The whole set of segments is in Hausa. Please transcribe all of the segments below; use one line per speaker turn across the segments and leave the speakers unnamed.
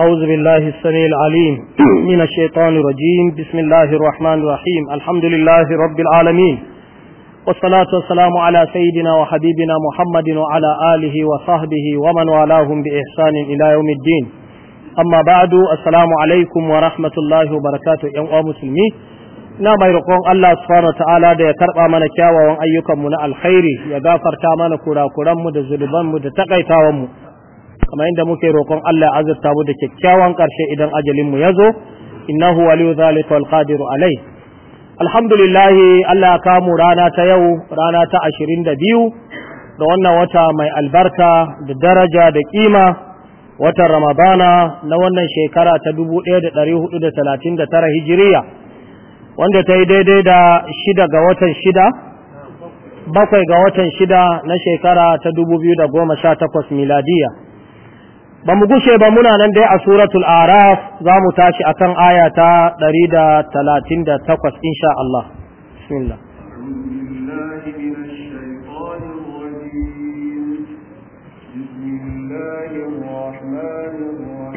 أعوذ بالله السميع العليم من الشيطان الرجيم بسم الله الرحمن الرحيم الحمد لله رب العالمين والصلاة والسلام على سيدنا وحبيبنا محمد وعلى آله وصحبه ومن والاهم بإحسان إلى يوم الدين أما بعد السلام عليكم ورحمة الله وبركاته يا مسلمين na mai roƙon Allah subhanahu ta'ala da ya karɓa mana kyawawan ayyukanmu na alkhairi ya gafarta mana kurakuranmu da zunubanmu da takaitawanmu kamar yadda muke roƙon Allah azurta mu da kyakkyawan ƙarshe idan ajalin mu zo? innahu waliyu zalika wal qadiru alai alhamdulillah Allah ya mu rana ta yau rana ta 22 da wannan wata mai albarka da daraja da kima watan Ramadana na wannan shekara ta 1439 hijiriya wanda ta yi daidai da shida ga watan shida bakwai ga watan shida na shekara ta 2018 miladiya ba mu gushe ba muna nan dai a suratul araf za mu tashi a aya ta 138 insha Allah bismillah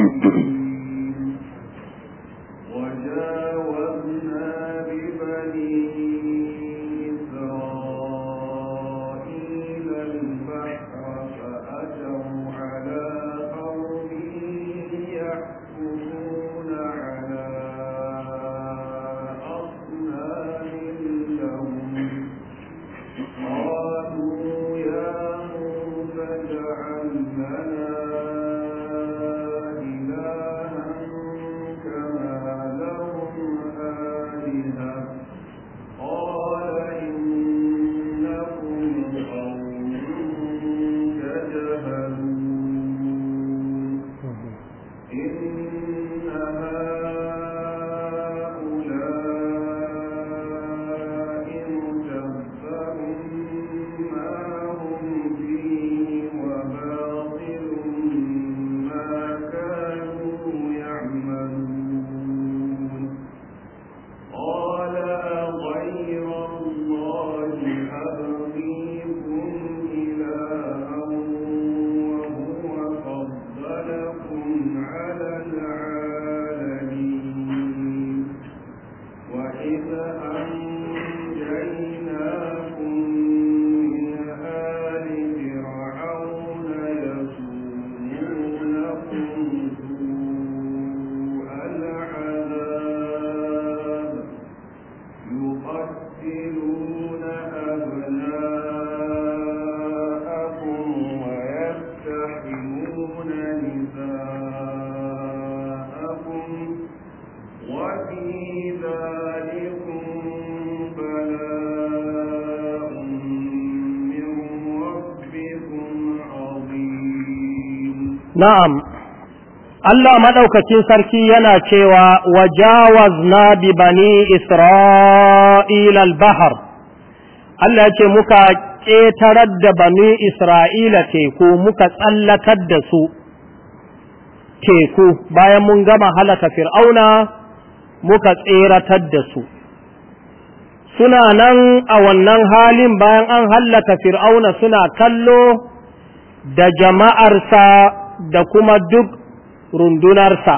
Thank you. na'am
Allah maɗaukacin sarki yana cewa wajawazna bi bani Isra'ila bahar Allah ya muka ƙetarar da bani Isra'ila teku muka tsallakar da su teku bayan mun gama halaka fir'auna muka tseratar da su suna nan a wannan halin bayan an halaka fir'auna suna kallo da jama'arsa da kuma duk rundunarsa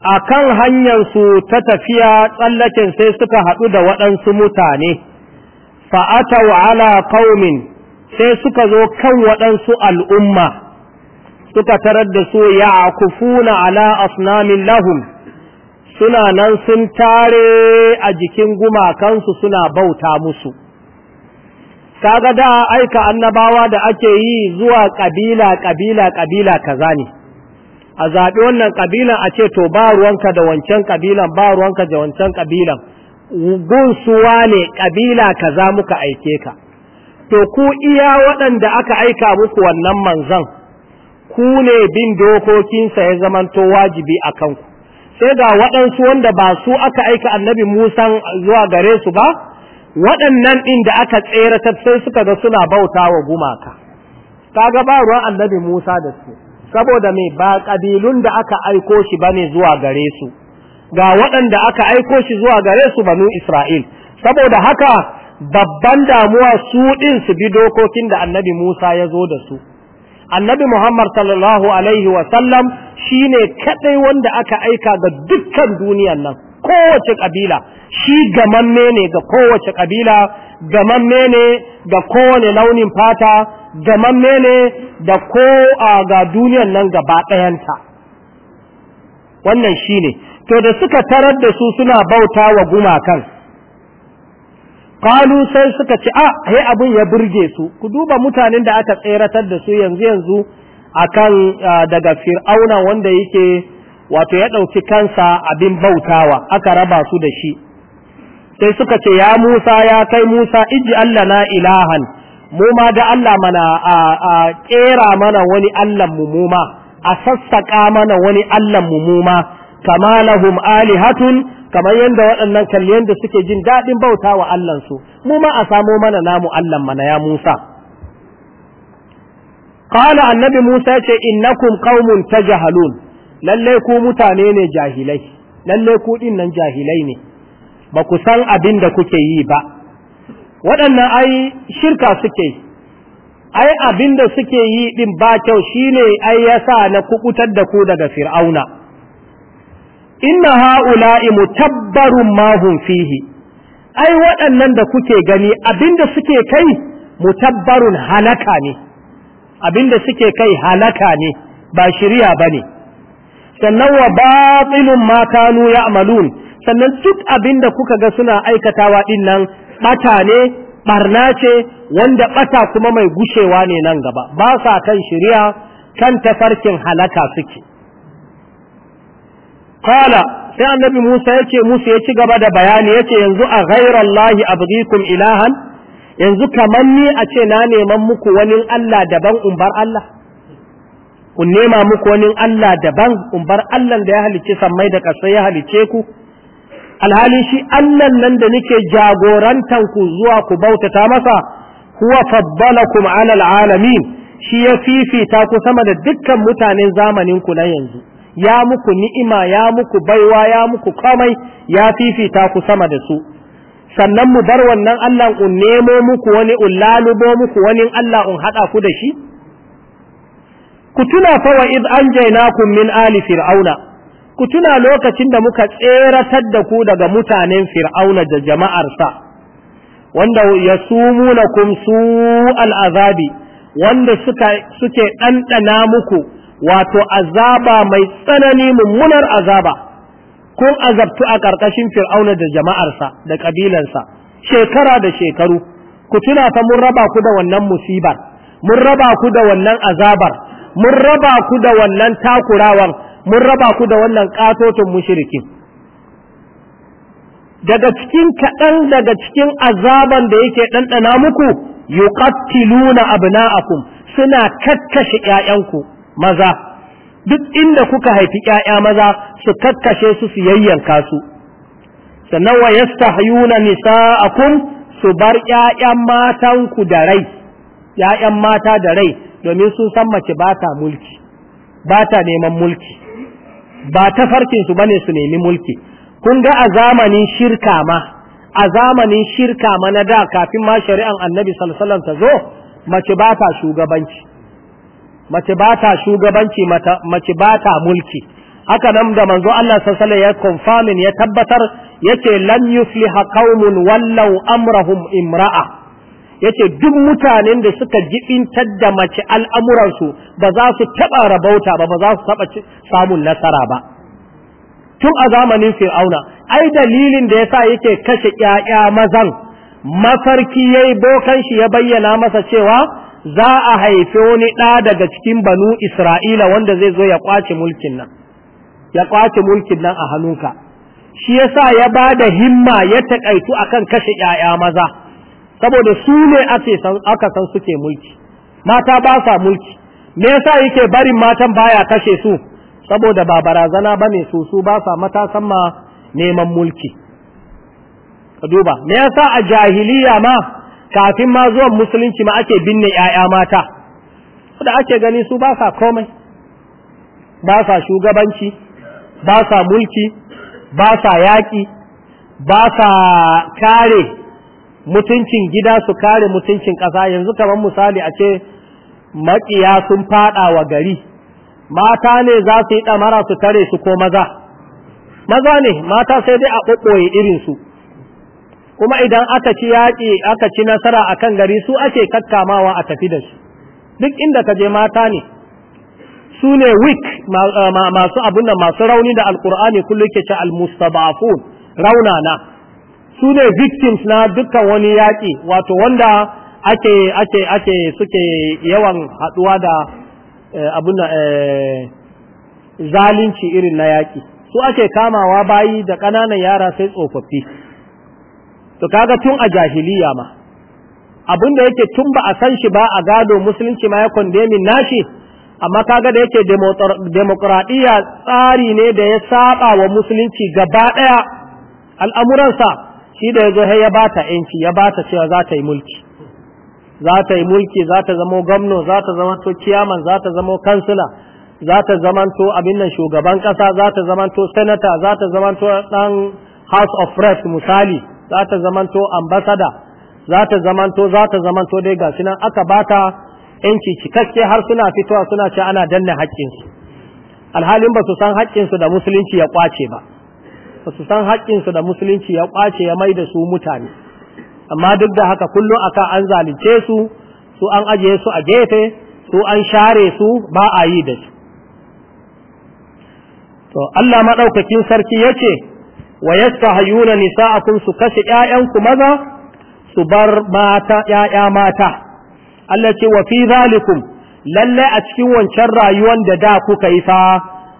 a kan hanyarsu ta tafiya tsallaken sai suka haɗu da waɗansu mutane fa'atau ala ƙaumin sai suka zo kan waɗansu al'umma suka tarar da su ya kufuna ala asnamin lahum suna nan sun tare a jikin gumakansu suna bauta musu Ka ga da aika annabawa da ake yi zuwa kabila kabila kabila kaza ne a zaɓi wannan kabilan a ce to ba ruwanka da wancan kabilan ba ruwanka da wancan kabilan gunsuwa ne kabila kaza muka aike ka to ku iya waɗanda aka aika muku wannan manzan ku ne bin dokokinsa ya zamanto wajibi a kanku sai ga waɗansu wanda ba su aka aika annabi musan zuwa gare su ba waɗannan ɗin da aka tsere sai suka ga suna bauta wa gumaka ta ba ruwan annabi Musa da su saboda mai ba ƙabilun da aka aiko shi bane zuwa gare su ga waɗanda aka aiko shi zuwa gare su banu Isra'il saboda haka babban damuwa su ɗin su bi dokokin da annabi Musa ya zo da su annabi Muhammad sallallahu alaihi wa sallam shine kaɗai wanda aka aika ga dukkan duniyan nan kowace kabila shi gamamme ne ga kowace kabila gamamme ne ga kowane launin fata gamamme ne da ko a ga duniyan nan gaba ɗayanta wannan shi ne to da suka tarar da su suna bauta wa gumakan kalu sai suka ce a ah, he abin ya burge su ku duba mutanen da aka tseratar da su yanzu yanzu akan daga fir'auna wanda yake wato ya ɗauki kansa abin bautawa aka raba su da shi sai suka ce ya musa ya kai musa iji allah na ilahan mu ma da allah mana a ƙera mana wani allah mu ma a sassaƙa mana wani allah mu ma kama lahum alihatun kamar yadda waɗannan kalliyan da suke jin daɗin bauta wa allansu mu ma a samo mana namu allah mana ya Musa. Kala annabi Musa ce innakum ta tajahalun lallai ku mutane ne jahilai lallai ku din nan jahilai ne ba ku san abin da kuke yi ba waɗannan ai shirka suke yi ai abin da suke yi din ba kyau shine ai yasa na kukutar da ku daga fir'auna inna ha'ula'i mutabbarun ma hum fihi ai waɗannan da kuke gani abin da suke kai mutabbarun halaka ne abin da suke kai halaka ne ba shirya bane sannan wa batilun ma kanu ya'malun sannan duk abinda kuka ga suna aikatawa din nan bata ne barna ce wanda bata kuma mai gushewa ne nan gaba ba sa kan shari'a kan tafarkin halaka suke qala sai annabi Musa yake Musa ya ci gaba da bayani yace yanzu a ghairallahi abghikum ilahan yanzu kamar ni a ce na neman muku wani Allah daban umbar Allah ku nema muku wani Allah daban kun bar Allah da ya halice sammai da ƙasa ya halice ku alhali shi Allah nan da nake jagorantan ku zuwa ku bautata masa huwa faddalakum ala alalamin shi ya fifita ku sama da dukkan mutanen zamanin ku na yanzu ya muku ni'ima ya muku baiwa ya muku kamai ya fifita ku sama da su sannan mu bar wannan Allah un nemo muku wani un lalubo muku wani Allah un haɗa ku da shi ku tuna fa wa id anjaynakum min ali fir'auna ku tuna lokacin da muka tseratar da ku daga mutanen fir'auna da jama'arsa wanda yasumunakum su'al azabi wanda suka suke ɗanɗana muku wato azaba mai tsanani mummunar azaba kun azabtu a ƙarƙashin fir'auna da jama'arsa da ƙabilansa shekara da shekaru ku tuna fa mun raba ku da wannan musibar mun raba ku da wannan azabar mun raba ku da wannan takurawan mun raba ku da wannan katotin mushrikin daga cikin kaɗan daga cikin azaban da yake ɗanɗana muku yuqattiluna abna'akum suna kakkashe ƴaƴanku maza duk inda kuka haifi ƴaƴa maza su kakkashe su su yayyanka su sannan wa yastahyuna nisa'akum su bar ƴaƴan matanku da rai ƴaƴan mata da rai domin sun san mace ba ta mulki ba ta neman mulki ba ta farkinsu ba ne su nemi mulki kun ga a zamanin shirka ma a zamanin shirka ma na da kafin ma shari'an annabi sallallahu ta zo mace ba ta shugabanci mace ba ta shugabanci mace ba ta mulki haka nan da manzo Allah sallallahu ya konfamin ya tabbatar yace lan yufliha qaumun wallau amrahum imra'a yace duk mutanen da suka jibintar da mace al'amuransu ba za su taba rabauta ba ba za su taɓa samun nasara ba tun a zamanin fir'auna ai dalilin da yasa yake kashe ƴaƴa mazan mafarki yayi bokan shi ya bayyana masa cewa za a haife wani ɗa daga cikin banu isra'ila wanda zai zo ya kwace mulkin nan ya kwace mulkin nan a hannunka shi yasa ya ba da himma ya taƙaitu akan kashe ƴaƴa maza saboda su ne aka san suke mulki mata ba sa mulki me yasa yake barin matan baya kashe su saboda ba barazana ba ne su su ba sa matasan ma neman mulki ka duba me yasa a jahiliya ma kafin ma zuwan musulunci ma ake binne 'ya'ya mata da ake gani su ba sa komai ba sa shugabanci ba sa mulki ba sa yaƙi ba sa kare mutuncin gida su kare mutuncin ƙasa yanzu kamar misali a ce maƙiya sun faɗa wa gari mata ne za su yi ɗamara su tare su ko maza maza ne mata sai dai a ɓoɓɓoye irinsu kuma idan aka ci yaƙi aka ci nasara a kan gari su ake kakkamawa a tafi da su duk inda ka je mata ne su ne wik masu abin da masu rauni da alkur'ani kullum ke ce rauna na su ne victims na dukkan wani yaƙi wato wanda ake ake ake suke yawan haɗuwa da eh, abin eh, zalunci irin na yaƙi su ake kamawa bayi da ƙananan yara sai tsofaffi to kaga tun a jahiliya ma abin da yake tun ba a san shi ba a gado musulunci ma ya kondemin nashi amma kaga da yake demokradiyya tsari ne da ya saba wa musulunci gaba ɗaya al'amuransa shi da ya zo ya ba ta ‘yanci ya ba ta cewa za ta yi mulki za ta yi mulki za ta zamo gwamno za ta zama ciyaman za ta zamo kansila za ta zamanto abin nan shugaban ƙasa za ta zamanto senator za ta zamanto ɗan house of reps misali za ta zamanto ambasada za ta zamanto za ta zamanto dai ga nan aka ba bata ‘yanci cikakke har suna fitowa suna ce ana danne haƙƙinsu alhalin ba su san haƙƙinsu da musulunci ya ƙwace ba ba su san haƙƙinsu da musulunci ya ƙwace ya mai da su mutane amma duk da haka kullum aka an zalunce su su an ajiye su a gefe su an share su ba a yi da su to Allah maɗaukakin sarki ya ce wa yastahayuna nisa'akum su kashe ƴaƴanku maza su bar mata ƴaƴa mata Allah ce wa fi zalikum lalle a cikin wancan rayuwar da da kuka yi fa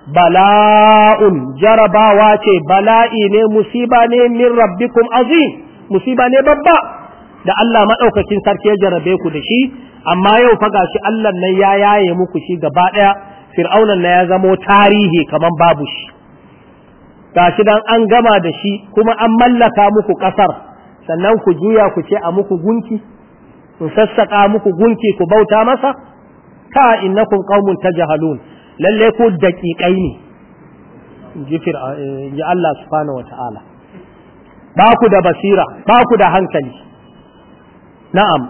bala'un jarabawa ce bala'i ne musiba ne min rabbikum azim musiba ne babba da Allah maɗaukakin sarki ya jarabe ku da shi amma yau fa gashi Allah nan ya yaye muku shi gaba ɗaya fir'aunan na ya zamo tarihi kaman babu shi gashi dan an gama da shi kuma an mallaka muku ƙasar sannan ku juya ku ce a muku gunki ku sassaka muku gunki ku bauta masa ka innakum qaumun tajhalun lalle ko daƙiƙai ne eh, ji Allah subhanahu wa ba ku da basira ba ku da hankali na'am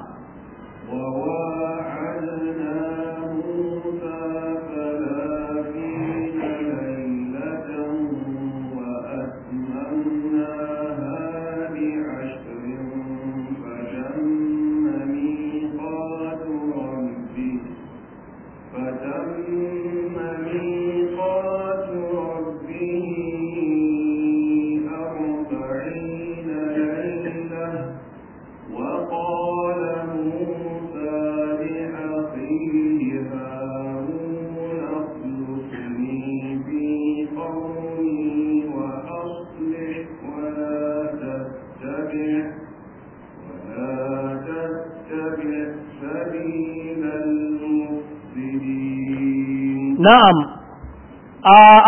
na'am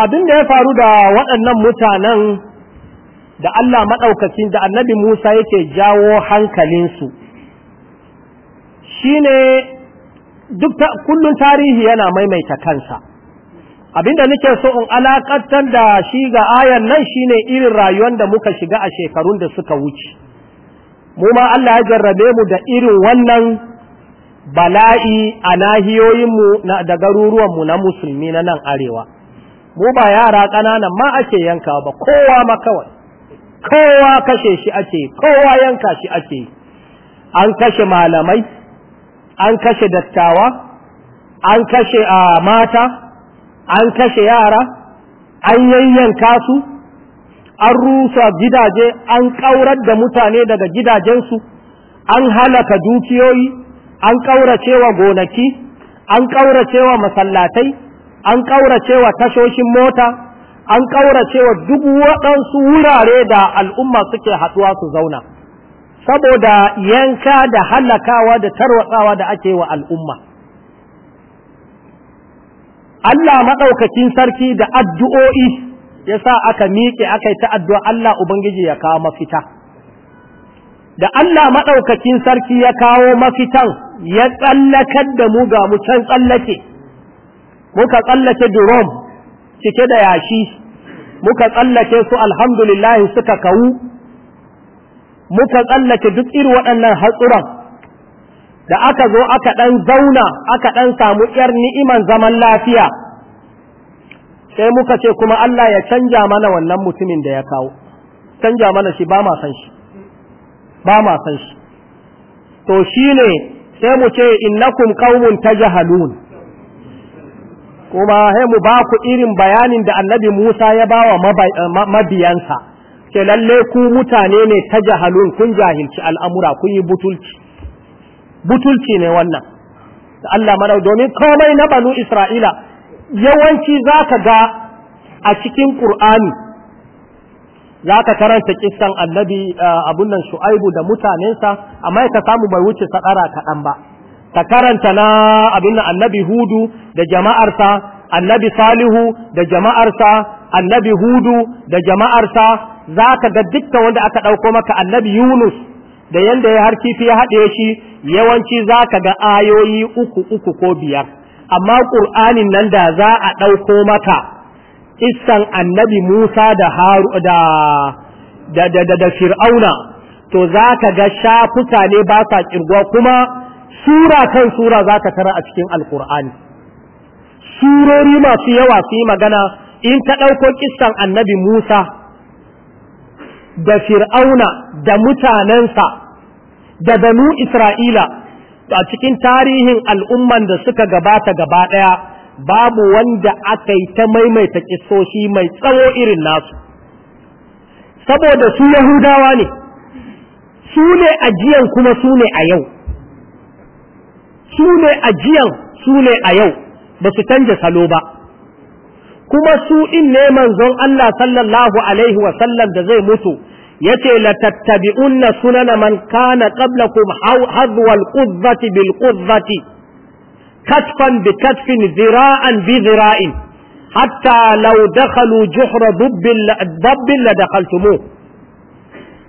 abin da ya faru da waɗannan mutanen da Allah maɗaukacin da annabi Musa yake jawo hankalinsu ne duk kullum tarihi yana maimaita kansa abinda nake so in alakantar da shi ga ayan nan shine irin rayuwar da muka shiga a shekarun da suka wuce mu ma Allah ya jarrabe mu da irin wannan bala'i a nahiyoyinmu da garuruwanmu na musulmi na nan arewa mu ba yara ƙananan ma ake yanka ba kowa ma kawai kowa kashe shi ake kowa yanka shi ake an kashe malamai an kashe dattawa an kashe a mata an kashe yara an yayyanka su an rusa gidaje an ƙaurar da mutane daga gidajensu an halaka dukiyoyi an ƙauracewa gonaki an ƙauracewa masallatai an ƙauracewa tashoshin mota an ƙauracewa duk waɗansu wurare da al'umma suke haɗuwa su zauna saboda yanka da halakawa da tarwatsawa da ake wa al'umma Allah maɗaukakin sarki da addu'o'i ya sa aka miƙe aka yi ta addu'a Allah Ubangiji ya kawo mafita da Allah maɗaukakin sarki ya kawo mafitan ya tsallakar da mu ga mu can tsallake muka tsallake durom cike da yashi muka tsallake su alhamdulillahi suka kawu muka tsallake duk iri waɗannan hatsuran da aka zo aka ɗan zauna aka ɗan samu ƴar ni'iman zaman lafiya sai muka ce kuma Allah ya canja mana wannan mutumin da ya kawo canja mana shi ba ma san shi ba ma san shi to shine sai mu ce innakum qaumun tajhalun kuma sai mu ba ku irin bayanin da annabi Musa ya bawa eh, mabiyansa ce lalle ku mutane ne tajhalun kun jahilci al'amura kun yi butulci butulci ne wannan da Allah mana domin komai na banu Isra'ila yawanci zaka ga a cikin Qur'ani za ka karanta kistan annabi eh, abun shu'aibu da mutanensa amma ka samu bai wuce sadara kaɗan ba ka karanta na abin annabi hudu da jama'arsa annabi salihu da jama'arsa annabi hudu da jama'arsa za ka ga dukkan wanda aka ɗauko maka annabi yunus da yanda ya har kifi ya haɗe shi yawanci za ka ga ayoyi uku uku ko biyar amma ƙur'anin nan da za a ɗauko maka issan annabi Musa da haru da da da da fir'auna to za ga shafuka ne ba sa kirgo kuma sura kan sura za ka tara a cikin alkur'ani surori masu yawa su magana in ka ɗauko kissan annabi Musa da fir'auna da mutanensa da banu Isra'ila a cikin tarihin al'umman da suka gabata gaba ɗaya babu wanda aka yi ta maimaita kisoshi mai tsawo irin nasu saboda su yahudawa ne su ne ajiyan kuma su ne a yau su ne ajiyan su ne a yau ba su canja salo ba kuma su in ne manzon Allah sallallahu alaihi wasallam da zai mutu yace la tattabi'unna sunana man kana qablakum hazwa al-qudzati bil كتفا بكتف ذراعا بذراع حتى لو دخلوا جحر ضب ضب لدخلتموه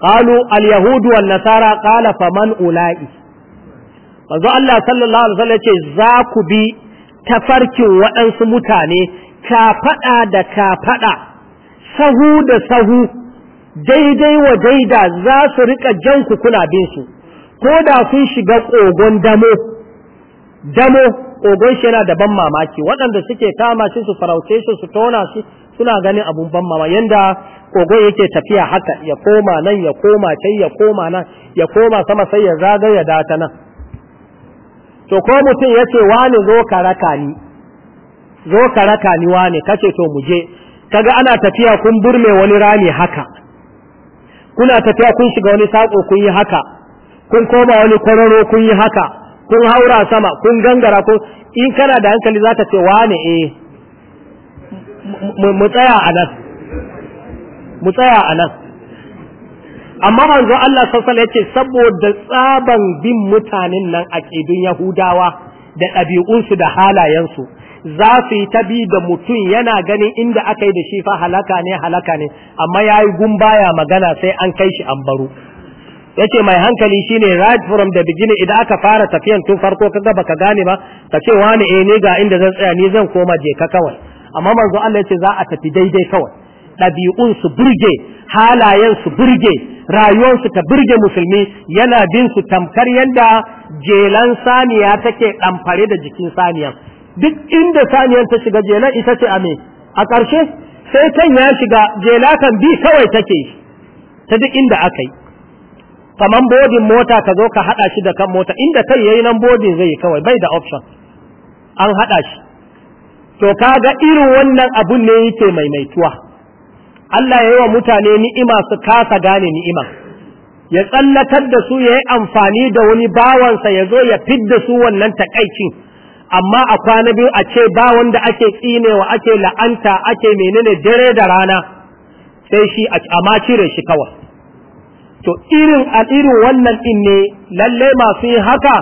قالوا اليهود والنصارى قال فمن اولئك فذو الله صلى الله عليه وسلم يقول ذاكو بي تفركي وأنس متاني كافأ دا كافأ سهو دا سهو جيدي وجيدا ذاسو ركا جنكو كنا بينسو كودا سنشي قوغون دمو دمو kogon shi yana da ban mamaki waɗanda suke kama shi su farauce shi su tona shi suna ganin abun ban mamaki yanda yake tafiya haka ya koma nan ya koma can ya koma nan ya koma sama sai ya zagaya data nan to ko mutum ya ce wani zo ka raka ni zo ka raka ni wani kace to mu je kaga ana tafiya kun burme wani rami haka kuna tafiya kun shiga wani sako kun yi haka kun koma wani kwararo kun yi haka kun haura sama kun gangara ko in kana da hankali za ta ce wane eh mu tsaya a nan mu tsaya a nan amma manzo Allah sassala ya ce saboda tsaban bin mutanen nan a kidun Yahudawa da ɗabi'unsu da halayensu za su yi tabi da mutum yana ganin inda aka yi da shi fa halaka ne halaka ne amma ya yi gumbaya magana sai an kai shi an baro yace mai hankali shine right from the beginning idan aka fara tafiyan tun farko kaga baka gane ba ka ce wani eh ne ga inda zan tsaya ni zan koma je ka kawai amma manzo Allah yace za a tafi daidai kawai Dabi'un su burge halayen su burge rayuwar su ta burge musulmi yana bin su tamkar yadda jelan saniya take ɗamfare da jikin saniya duk inda saniyar ta shiga jelan ita ce a a ƙarshe sai kan ya shiga jela kan bi kawai take ta duk inda aka yi kaman bodin mota ka zo ka hada shi da kan mota inda kai yayi nan bodin zai yi kawai bai da option an hada shi to kaga irin wannan abun ne yake mai maimaituwa Allah ya yi wa mutane ni'ima su kasa gane ni'ima ya tsallatar da su ya yi amfani da wani bawansa ya zo ya fidda su wannan takaicin amma a kwana biyu a ce ba wanda ake tsinewa ake la'anta ake menene dare da rana sai shi a ma cire shi kawai to irin a irin wannan din ne lalle masu yin haka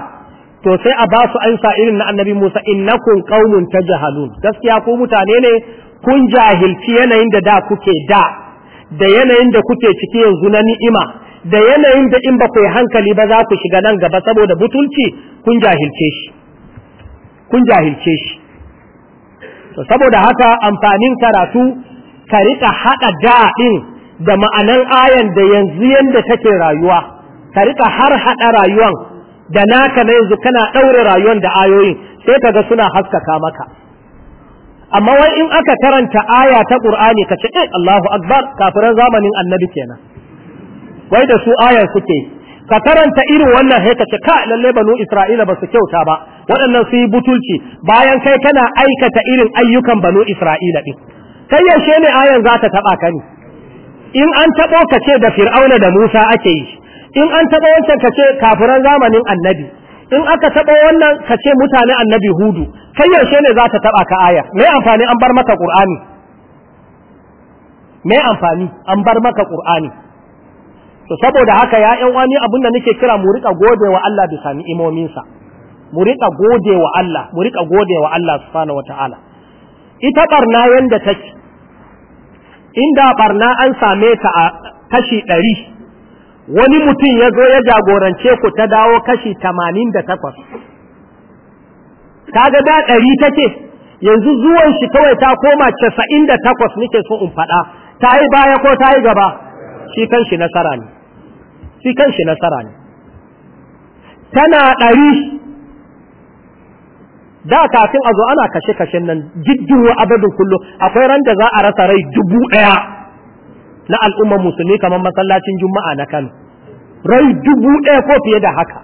to sai a ba su ansa irin na annabi Musa innakum qaumun tajhalun gaskiya ku mutane ne kun jahilci yanayin da da kuke da da yanayin da kuke ciki yanzu na ni'ima da yanayin da in ba ku yi hankali ba za ku shiga nan gaba saboda butulci kun jahilce shi kun jahilce shi saboda haka amfanin karatu ka rika haɗa da ɗin da ma'anan ayan da yanzu yanda take rayuwa ka rika har hada rayuwan da naka na yanzu kana daure rayuwan da ayoyin sai kaga suna haskaka maka amma wai in aka karanta aya ta qur'ani ka ce eh Allahu akbar kafiran zamanin annabi kenan wai da su ayar suke ka karanta irin wannan sai ka ce ka lalle banu isra'ila ba su kyauta ba waɗannan su yi butulci bayan kai kana aikata irin ayyukan banu isra'ila din kai yaushe ne ayan za ta taba ka ne in an taɓo ka ce da fir'auna da musa ake yi in an taɓo wancan ka ce kafiran zamanin annabi in aka taɓa wannan ka ce mutane annabi hudu kai yaushe ne za ta taɓa ka aya me amfani an bar maka ƙur'ani me amfani an bar maka ƙur'ani to saboda haka ya ƴan wani abin da nake kira mu riƙa gode wa Allah bisa ni'imominsa mu riƙa gode wa Allah mu riƙa gode wa Allah subhanahu wataala ita barna yanda take inda barna an same ta a kashi ɗari wani mutum ya zo ya jagorance ku ta dawo kashi tamanin da takwas ga da ɗari take yanzu zuwan shi kawai ta koma casa'in da takwas nake so in faɗa ta yi baya ko ta yi gaba shi kan shi kan shi nasara ne tana ɗari da kafin a zo ana kashe-kashen nan jiddin wa abadin kullu akwai ran da za a rasa rai dubu ɗaya na al'ummar musulmi kamar masallacin juma'a na kano rai dubu ɗaya ko fiye da haka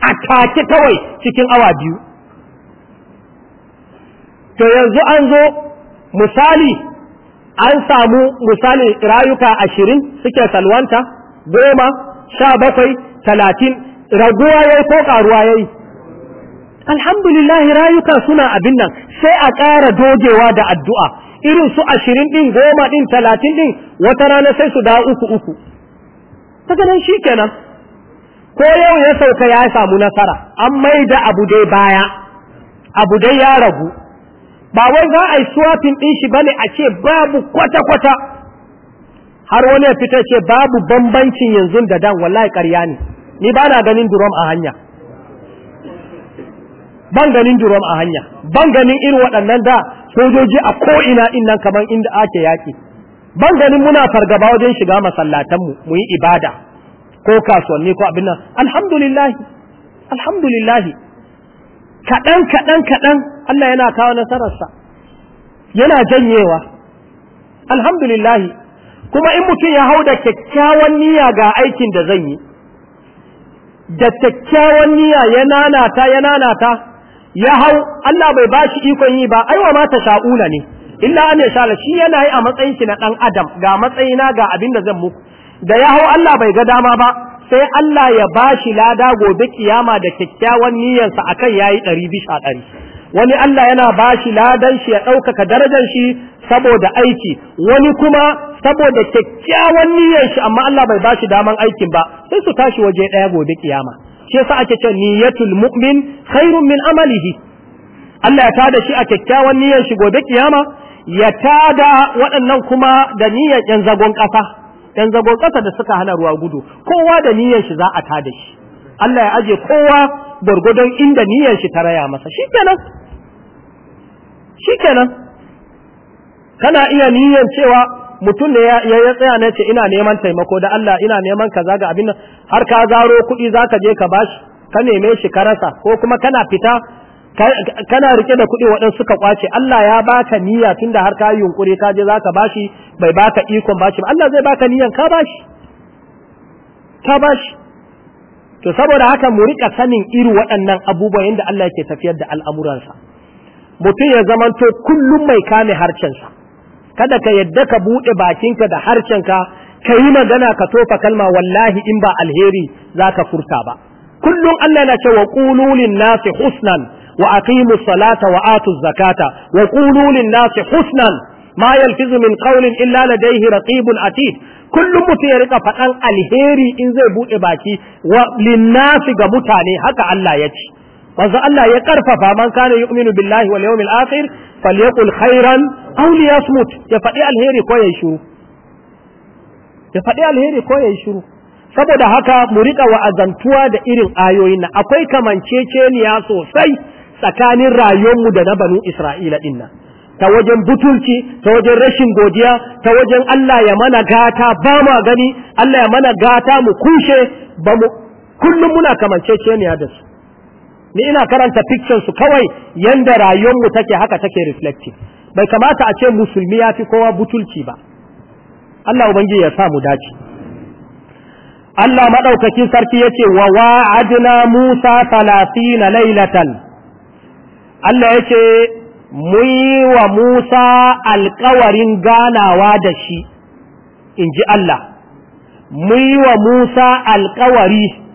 a take kawai cikin awa biyu to yanzu an zo misali an samu misali rayuka ashirin suke salwanta goma sha bakwai talatin raguwa yayi ko ƙaruwa yayi alhamdulillah rayuka suna abin nan sai a ƙara dogewa da addu'a irin su ashirin ɗin goma ɗin talatin ɗin wata rana sai su da uku uku daga nan shi kenan ko yau ya sauka ya samu nasara an mai da abu dai baya abu dai ya ragu ba wai za a yi swapping ɗin shi bane a ce babu kwata-kwata har wani ya fita ce babu bambancin yanzu da dan wallahi ƙarya ne ni ba na ganin durom a hanya ban ganin durom a hanya ban ganin irin waɗannan da sojoji a ko'ina ɗin nan kamar inda ake yaƙi ban ganin muna fargaba wajen shiga masallatanmu mu yi ibada ko kasuwanni ko abin nan alhamdulillahi alhamdulillahi kaɗan kaɗan kaɗan Allah yana kawo nasararsa yana janyewa alhamdulillahi kuma in mutum ya hau da kyakkyawan niyya ga aikin da zan yi da kyakkyawan niyya ya nanata ya nanata ya hau Allah bai bashi ikon yi ba aiwa ma ta sha'una ne illa an yasha la shi yana yi a matsayin shi na dan adam ga matsayina ga abin da zan muku da ya hau Allah bai ga dama ba sai Allah ya bashi lada gobe kiyama da kyakkyawan niyyarsa akan yayi ɗari bisa ɗari wani Allah yana bashi ladan shi ya ɗaukaka darajar shi saboda aiki wani kuma saboda kyakkyawan niyyar shi amma Allah bai bashi daman aikin ba sai su tashi waje ɗaya gobe kiyama shi yasa ake can niyyatul mu'min khairun min amalihi Allah ya tada shi a kyakkyawan niyyar shi gobe kiyama ya tada waɗannan kuma da niyyar ƴan zagon ƙasa Ƴan zagon ƙasa da suka hana ruwa gudu kowa da niyyar shi za a tada shi Allah ya aje kowa gwargwadon inda niyyar shi ta raya masa shikenan shikenan kana iya niyyar cewa mutum da ya tsaya ne ce ina neman taimako da Allah ina neman kaza ga abin har ka zaro kuɗi zaka je ka bashi ka neme shi ka rasa ko kuma kana fita kana rike da kuɗi waɗansu suka kwace Allah ya baka niyya tunda har ka yi yunkuri ka je zaka bashi bai baka ikon bashi ba Allah zai baka niyyan ka bashi ka bashi to saboda haka mu rika sanin irin waɗannan abubuwan yadda Allah yake tafiyar da al'amuransa mutum ya zamanto kullum mai kame harcensa kada ka yadda ka buɗe bakinka da harshenka ka yi magana ka tofa kalma wallahi in ba alheri za ka furta ba kullum Allah na cewa qulu lin nasi husnan wa aqimu salata wa atu zakata wa qulu lin nasi husnan ma yalfizu min qawlin illa ladayhi raqibun atid kullum mutum ya rika faɗan alheri in zai buɗe baki wa lin nasi ga mutane haka Allah ya ce manzo Allah ya karfafa man kana yu'minu billahi wal yawmil akhir falyaqul khairan aw liyasmut ya faɗi alheri ko yayi shiru ya faɗi alheri ko yayi shiru saboda haka mu riƙa wa'azantuwa da irin ayoyin nan akwai kamanceceniya sosai tsakanin rayuwarmu da na banu Isra'ila ɗin nan ta wajen butulci ta wajen rashin godiya ta wajen Allah ya mana gata ba ma gani Allah ya mana gata mu kushe ba mu kullum muna kamanceceniya da su ni ina karanta fiction su kawai yanda rayuwar mu take haka take reflecting bai kamata a ce musulmi ya fi kowa butulci ba Allah ubangiji ya sa mu dace Allah madaukakin sarki yace wa wa'adna Musa 30 lailatan Allah yace muyi wa Musa alƙawarin ganawa da shi inji Allah muyi wa Musa alkawari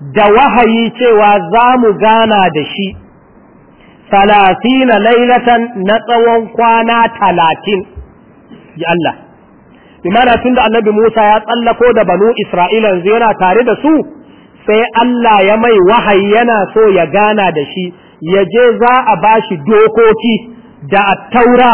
da wahayi cewa za mu gana da shi salatina lailatan na tsawon kwana talatin ya Allah imana tun da annabi Musa ya tsallako da banu Isra'ila zai yana tare da su sai Allah ya mai wahayi yana so ya gana da shi ya je za a shi dokoki da taura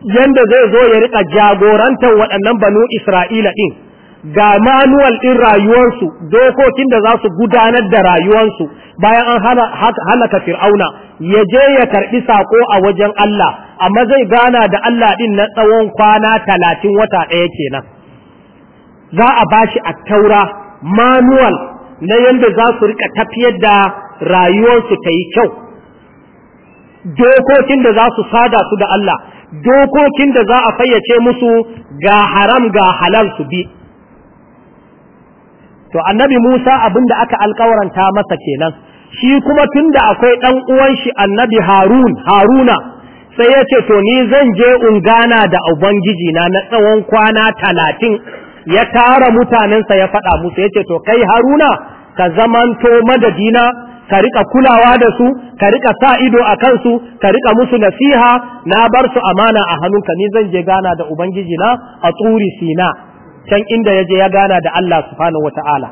yanda zai zo ya riƙa jagorantar waɗannan banu Isra'ila ɗin ga manuwal ɗin rayuwarsu dokokin da za su gudanar da rayuwarsu bayan an halaka fir'auna ya je ya karɓi saƙo a wajen Allah amma zai gana da Allah ɗin na tsawon kwana talatin wata ɗaya kenan za a bashi a taura manuwal na yadda za su rika tafiyar da rayuwarsu ta yi kyau dokokin da za su sada su da Allah dokokin da za a fayyace musu ga haram ga halal su bi to annabi Musa abinda da aka alkawaranta masa kenan shi kuma tunda akwai dan uwan shi annabi Harun Haruna sai yace to ni zan je in gana da ubangiji na na tsawon kwana talatin ya tara mutanensa ya faɗa musu ya ce to kai Haruna ka zamanto madadina ka rika kulawa da su ka rika sa ido a kansu ka rika musu nasiha na bar su amana a hannunka ni zan je gana da ubangiji na a tsuri sina can inda ya je ya gana da Allah subhanahu wata'ala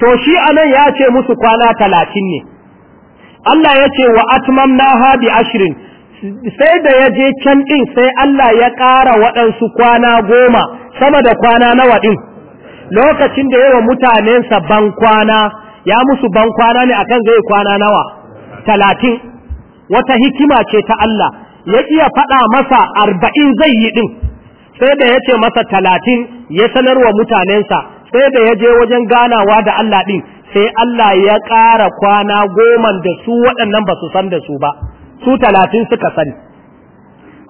to shi anan ya ce musu kwana talatin ne Allah ya ce wa atman na haɗi ashirin sai da ya je can ɗin sai Allah ya ƙara waɗansu kwana goma sama da kwana nawa ɗin. lokacin da yawa mutanensa ban kwana ya musu ban kwana ne akan zai kwana nawa talatin wata hikima ce ta Allah ya iya faɗa masa arba'in zai yi ɗin. sai da ya masa talatin ya sanar wa mutanensa sai da ya je wajen ganawa da Allah ɗin sai Allah ya ƙara kwana goma da su waɗannan ba su san da su ba su talatin suka sani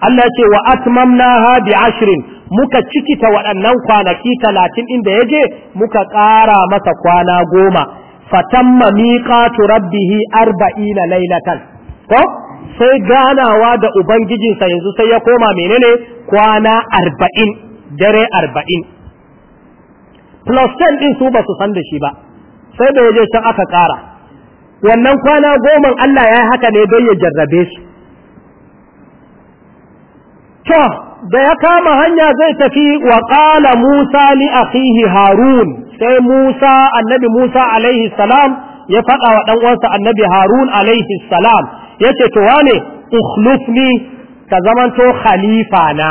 Allah ce wa atmamna ha bi ashirin muka cikita waɗannan kwanaki talatin inda ya je muka ƙara masa kwana goma fatamma miqatu rabbihi arba'ina lailatan ko sai ganawa da ubangijinsa yanzu sai ya koma menene kwana arba'in dare arba'in plus ten ɗin su ba su san da shi ba sai da yaje can aka ƙara wannan kwana goman Allah ya yi haka ne don ya jarrabe shi to da ya kama hanya zai tafi wa ƙala Musa li akhihi Harun sai Musa annabi Musa alaihi salam ya faɗa wa ɗan uwansa annabi Harun alaihi salam yace to wane ukhlifni ka zamanto khalifa na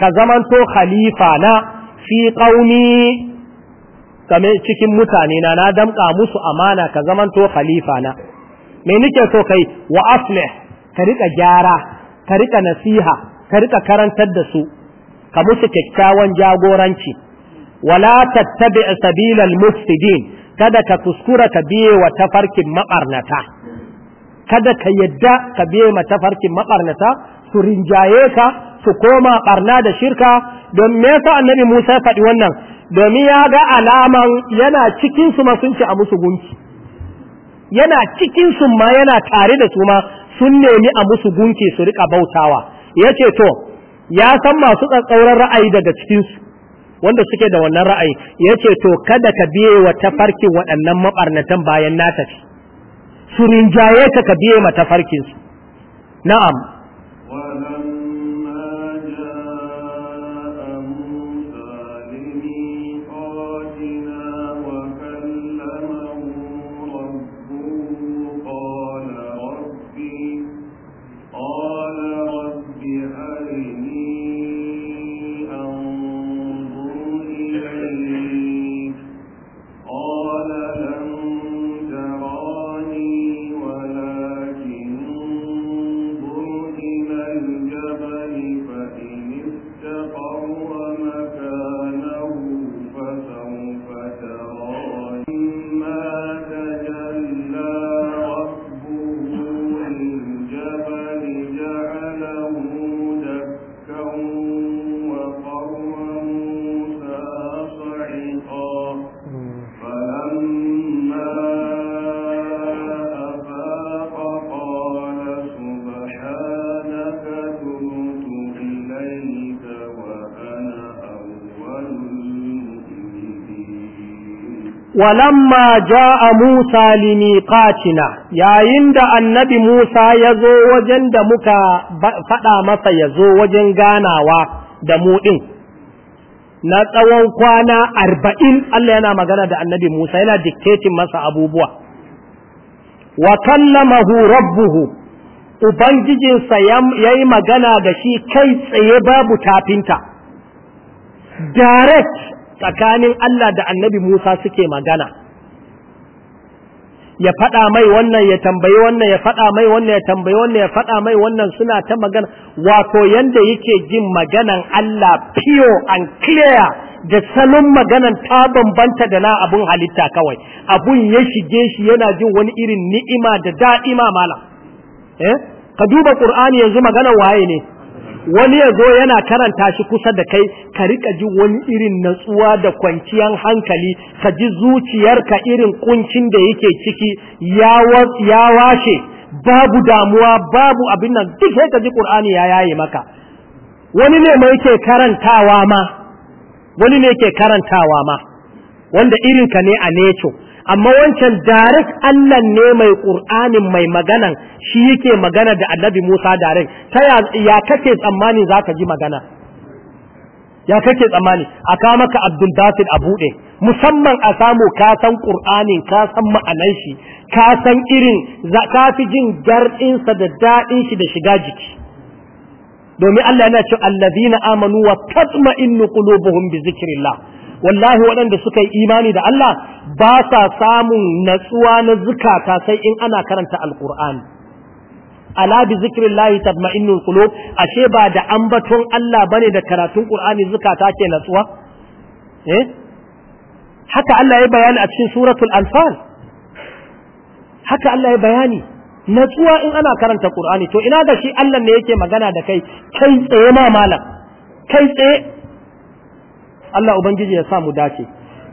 ka zamanto khalifa na fi qaumi kame cikin mutane na na damka musu amana ka zamanto khalifa na me nake so kai wa aslih ka rika gyara ka rika nasiha ka rika karantar da su ka musu kyakkyawan jagoranci wala tattabi' sabilal mufsidin kada ka kuskura ka biye wa tafarkin mabarnata kada ka yadda ka biye ma tafarkin maɓarnata su rinjaye ka su koma ɓarna da shirka don me yasa annabi Musa ya faɗi wannan domin ya ga alaman yana cikin su ma a musu gunki yana cikin su ma yana tare da su ma sun nemi a musu gunki su rika bautawa yace to ya san masu tsatsauran ra'ayi daga cikin su wanda suke da wannan ra'ayi yace to kada ka biye wa tafarkin waɗannan maɓarnatan bayan na tafi su rinjaye ta ka biye mata farkinsu na'am walamma جاء Musa لميقاتنا yayin da annabi Musa ya zo wajen da muka faɗa masa ya zo wajen ganawa da mu ɗin na tsawon kwana arba'in Allah yana magana da annabi Musa yana diktetin masa abubuwa wa kallamahu rabbuhu ubangijinsa ya yayi magana da shi kai tsaye babu tafinta direct tsakanin Allah da annabi Musa suke magana ya faɗa mai wannan ya tambayi wannan ya faɗa mai wannan ya tambayi wannan ya faɗa mai wannan suna ta magana wato yanda yake jin maganan Allah pure and clear da salon maganan ta bambanta da na abun halitta kawai abun ya shige shi yana jin wani irin ni'ima da da'ima mala eh ka duba qur'ani yanzu maganar waye ne wani ya zo yana karanta shi kusa da kai ka rika ji wani irin natsuwa da kwanciyar hankali ka ji zuciyarka irin kuncin da yake ciki ya washe babu damuwa babu abin nan duk sai ka ji qur'ani ya yaye maka wani ne mai ke karantawa ma wani ne ke karantawa ma wanda irinka ne a nature amma wancan direct Allah ne mai Qur'anin mai maganan shi yake magana da Annabi Musa direct ta ya kake tsammani zaka ji magana ya kake tsammani a ka maka Abdul Basit a bude musamman a samu ka san kasan ka san ma'anar shi ka san irin ka fi jin gardin da dadin shi da shiga jiki domin Allah yana cewa allazina amanu wa tatma'innu qulubuhum bi zikrillah wallahi waɗanda suka yi imani da Allah ba sa samun natsuwa na zukata sai in ana karanta alqur'ani ala bi zikrillahi tatma'innul kulo ashe ba da ambaton Allah ba ne da karatun ƙur'ani zukata ke natsuwa eh? haka Allah ya bayani a cikin suratul anfal haka Allah ya bayani natsuwa in ana karanta ƙur'ani, to ina da shi Allah ne yake magana da kai kai tsaye ma malam kai tsaye Allah ubangiji ya sa mu dace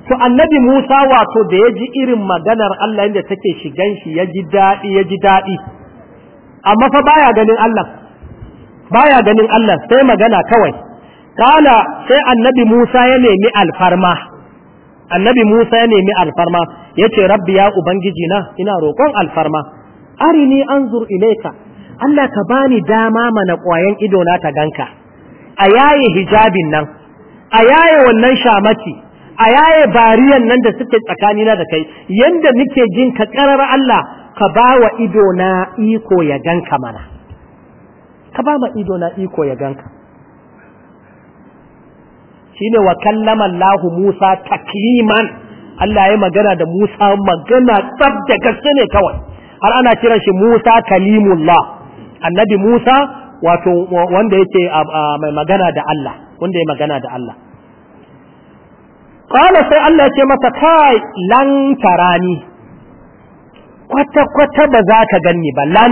to annabi Musa wato da ya ji irin maganar Allah inda take shigan shi ya ji daɗi ya ji daɗi amma fa baya ganin Allah baya ganin Allah sai magana kawai kala sai annabi Musa ya nemi alfarma annabi Musa ya nemi alfarma ya ce rabbi ya ubangiji na ina roƙon alfarma arini anzur ilaika Allah ka bani dama mana ƙwayan idona ta ganka a yaye hijabin nan a yaye wannan shamati a yaye bariyan nan da suke tsakanina da kai yanda nike jin ka karar Allah ka ba wa ido na iko ya ganka mana ka ba ma ido na iko ya ganka shine wa kallama Allah Musa takliman Allah ya magana da Musa magana tsab da gaske ne kawai har ana kiran shi Musa kalimullah annabi Musa wato wanda yake mai magana da Allah wanda ya magana da Allah Kwana sai Allah ce masa kai lan tarani kwata-kwata ba za ka ganni ba lan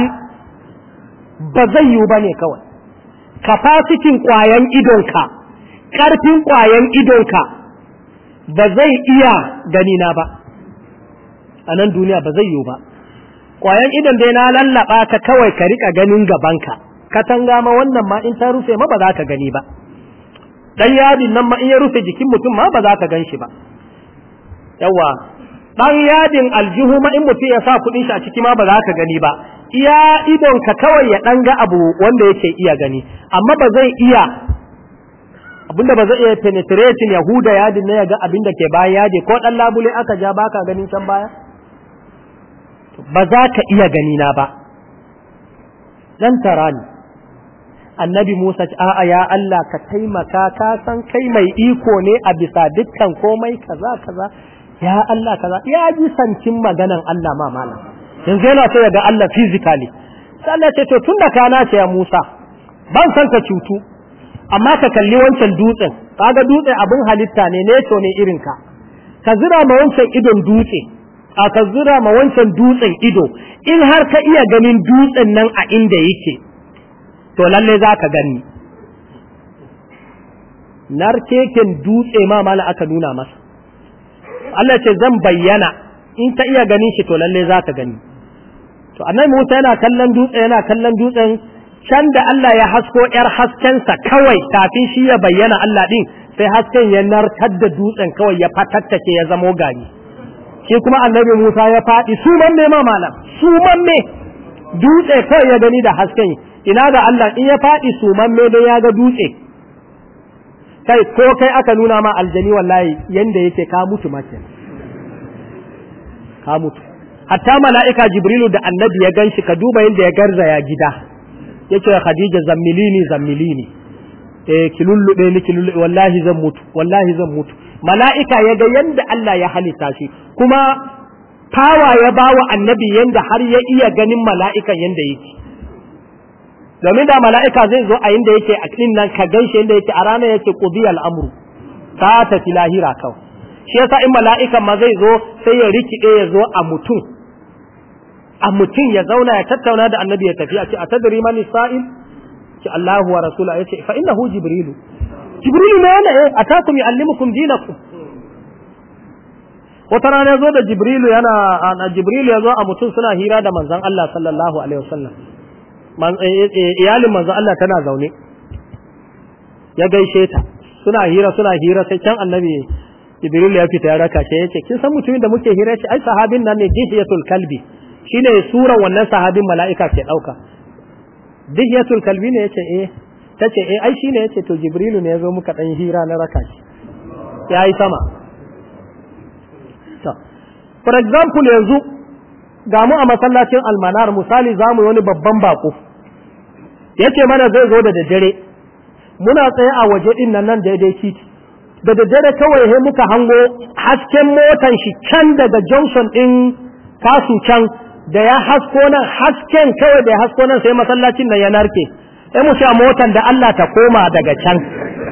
ba zai yiwu ba ne kawai cikin ƙwayan idonka ƙarfin ƙwayan idonka ba zai iya ganina ba a nan duniya ba zai yiwu ba ƙwayan idon dai na lallaɓa ka kawai ka riƙa ganin gabanka tanga ma wannan ma in ta rufe ma ba za ka gani ba dan yadin nan ma in ya rufe jikin mutum ma ba za ka gan shi ba yawa dan yadin aljihu ma in mutum ya sa kudin shi a ciki ma ba za ka gani ba iya idon ka kawai ya dan ga abu wanda yake iya gani amma ba zai iya abinda ba zai iya ya huda yadin na ya ga abinda ke bayan yadi ko dan labule aka ja baka ganin can baya ba za ka iya gani na ba dan tarani annabi Musa a'a ya Allah ka taimaka ka san kai mai iko ne a bisa dukkan komai kaza kaza ya Allah kaza ya ji sancin maganan Allah ma mana yanzu yana so ya ga Allah physically sai Allah ce to da ka nace ya Musa ban san ka cutu amma ka kalli wancan dutsen kaga dutse abin halitta ne ne to ne irin ka ka zira ma wancan idon dutse a ka zira ma wancan dutsen ido in har ka iya ganin dutsen nan a inda yake to lalle za ka gani narkeken dutse ma mala aka nuna masa Allah ce zan bayyana in ta iya gani shi to lalle za ka gani to annabi Musa yana kallon dutse yana kallon dutsen can da Allah ya hasko ‘yar haskensa kawai kafin shi ya bayyana Allah ɗin sai hasken ya narkar da dutsen kawai ya fatattake ya zamo gani shi kuma annabi Musa ya faɗi su manne ma malam su manne dutse kawai ya gani da hasken ina ga Allah in ya faɗi me dai ya ga dutse kai ko kai aka nuna ma aljani wallahi yanda yake ka mutu ma ka mutu hatta mala'ika jibrilu da annabi ya ganshi ka duba yanda ya ya gida yace khadija zammilini zammilini eh ki lullube ni ki lullube wallahi zan mutu wallahi zan mutu mala'ika ya ga yanda Allah ya halitta shi kuma tawa ya bawa annabi yanda har ya iya ganin mala'ikan yanda yake domin da mala'ika zai zo a inda yake a ɗin nan ka gaishe inda yake a ranar yake ƙudiyar amru ta tafi lahira kawai shi yasa in mala'ika ma zai zo sai ya rikide ya zo a mutum a mutum ya zauna ya tattauna da annabi ya tafi a ce a tadri mani sa'il ce allahu wa rasuluhu yace fa hu jibrilu jibrilu ne yana eh atakum yuallimukum dinakum wata rana ya zo da jibrilu yana jibrilu ya zo a mutum suna hira da manzon Allah sallallahu alaihi wasallam Eh, eh, eh, iyalin manzo Allah tana zaune ya gaishe ta suna hira suna hira sai can annabi Ibrahim ya fita ya raka shi yace kin san mutumin da muke hira shi ai sahabin nan ne dihiyatul kalbi shine sura wannan sahabin mala'ika ke dauka dihiyatul kalbi ne yace eh tace eh ai shine yace to Jibrilu ne yazo muka dan hira na raka shi yayi sama for example yanzu ga mu a masallacin almanar misali za mu wani babban bako yake mana zai zo da daddare muna tsaye a waje din nan daidai titi da daddare kawai he muka hango hasken motan shi can daga johnson din kasu can da ya hasko nan hasken kawai da ya hasko nan sai masallacin nan ya narke sai mu sha motan da Allah ta koma daga can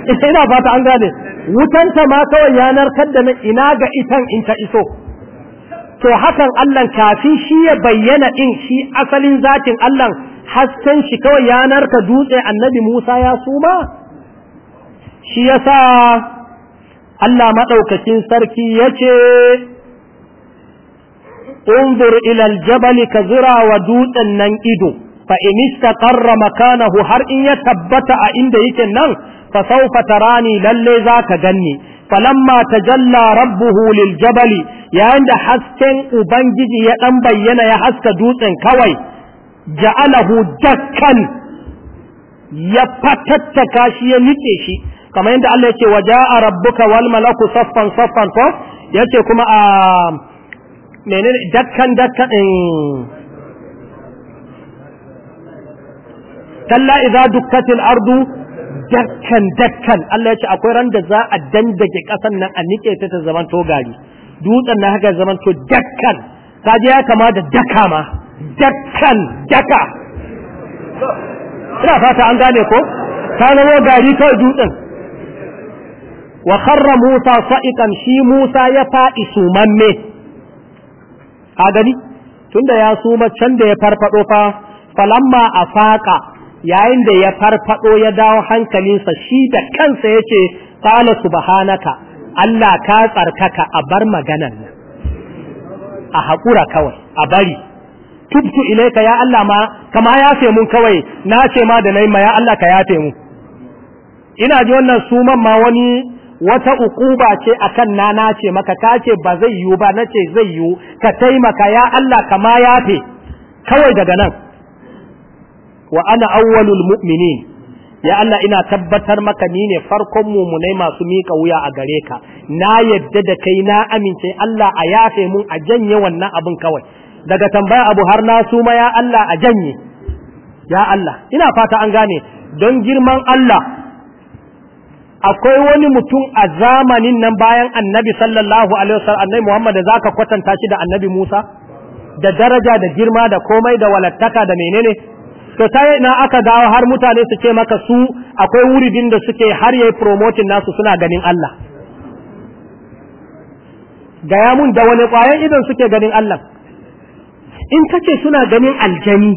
ina fata an gane wutanta ma kawai ya narkar da ina ga itan in ta iso to hakan Allah kafin shi ya bayyana in shi asalin zatin Allah hasken shi kawai yanar ka dutse annabi Musa ya suma shi yasa Allah madaukakin sarki yace انظر إلى الجبل كزرع ودود نن إدو فإن استقر مكانه هر إن يتبت عند يكن نن فسوف تراني للي ذاك جني falamma tajalla rabbuhu lil jabali yayin da hasken ubangiji ya dan bayyana ya haska dutsen kawai ja'alahu dakkan ya fatattaka shi ya nike shi kamar yadda Allah yake wa ja'a rabbuka wal malaku saffan saffan to yace kuma a ah, menene dakkan dakkan eh. kalla idza dukkatil ardu dakkan dakkan Allah ya ce akwai ran da za a dandage ƙasan nan a nike ta ta zaman to gari dutsen na haka zaman to dakkan ka je ya kama da daka ma dakkan daka ina fata an gane ko ta zama gari ta dutsen wa kharra Musa sa'iqan shi Musa ya faɗi sumamme a gani tunda ya suma can da ya farfado fa falamma afaka yayin da ya farfado ya dawo hankalinsa shi da kansa ya yace qala subhanaka Allah ka tsarkaka a bar maganar nan a haƙura kawai a bari tubtu ilaika ya Allah ma kama yafe mun kawai na ce ma da nayi ma ya Allah ka yafe mun? ina ji wannan suman ma wani wata ukuba ce akan na na ce maka ka ce ba zai yiwu ba na ce zai yiwu ka taimaka ya Allah kama yafe kawai daga nan wa ana awwalul mu'minin ya Allah ina tabbatar maka ni ne farkon mumunai masu miƙa wuya a gare ka na yadda da kai na amince Allah a yafe mun a janye wannan abin kawai daga tambaya abu har na suma ya Allah a janye ya Allah ina fata an gane don girman Allah akwai wani mutum a zamanin nan bayan annabi sallallahu alaihi wasallam annabi Muhammad da zaka kwatanta shi da annabi Musa da daraja da girma da komai da walattaka da menene to ta na aka dawo har mutane su ce maka su akwai wuridin da suke har yayi promoting nasu suna ganin Allah gaya mun da wani kwayan idan suke ganin Allah in kace suna ganin aljani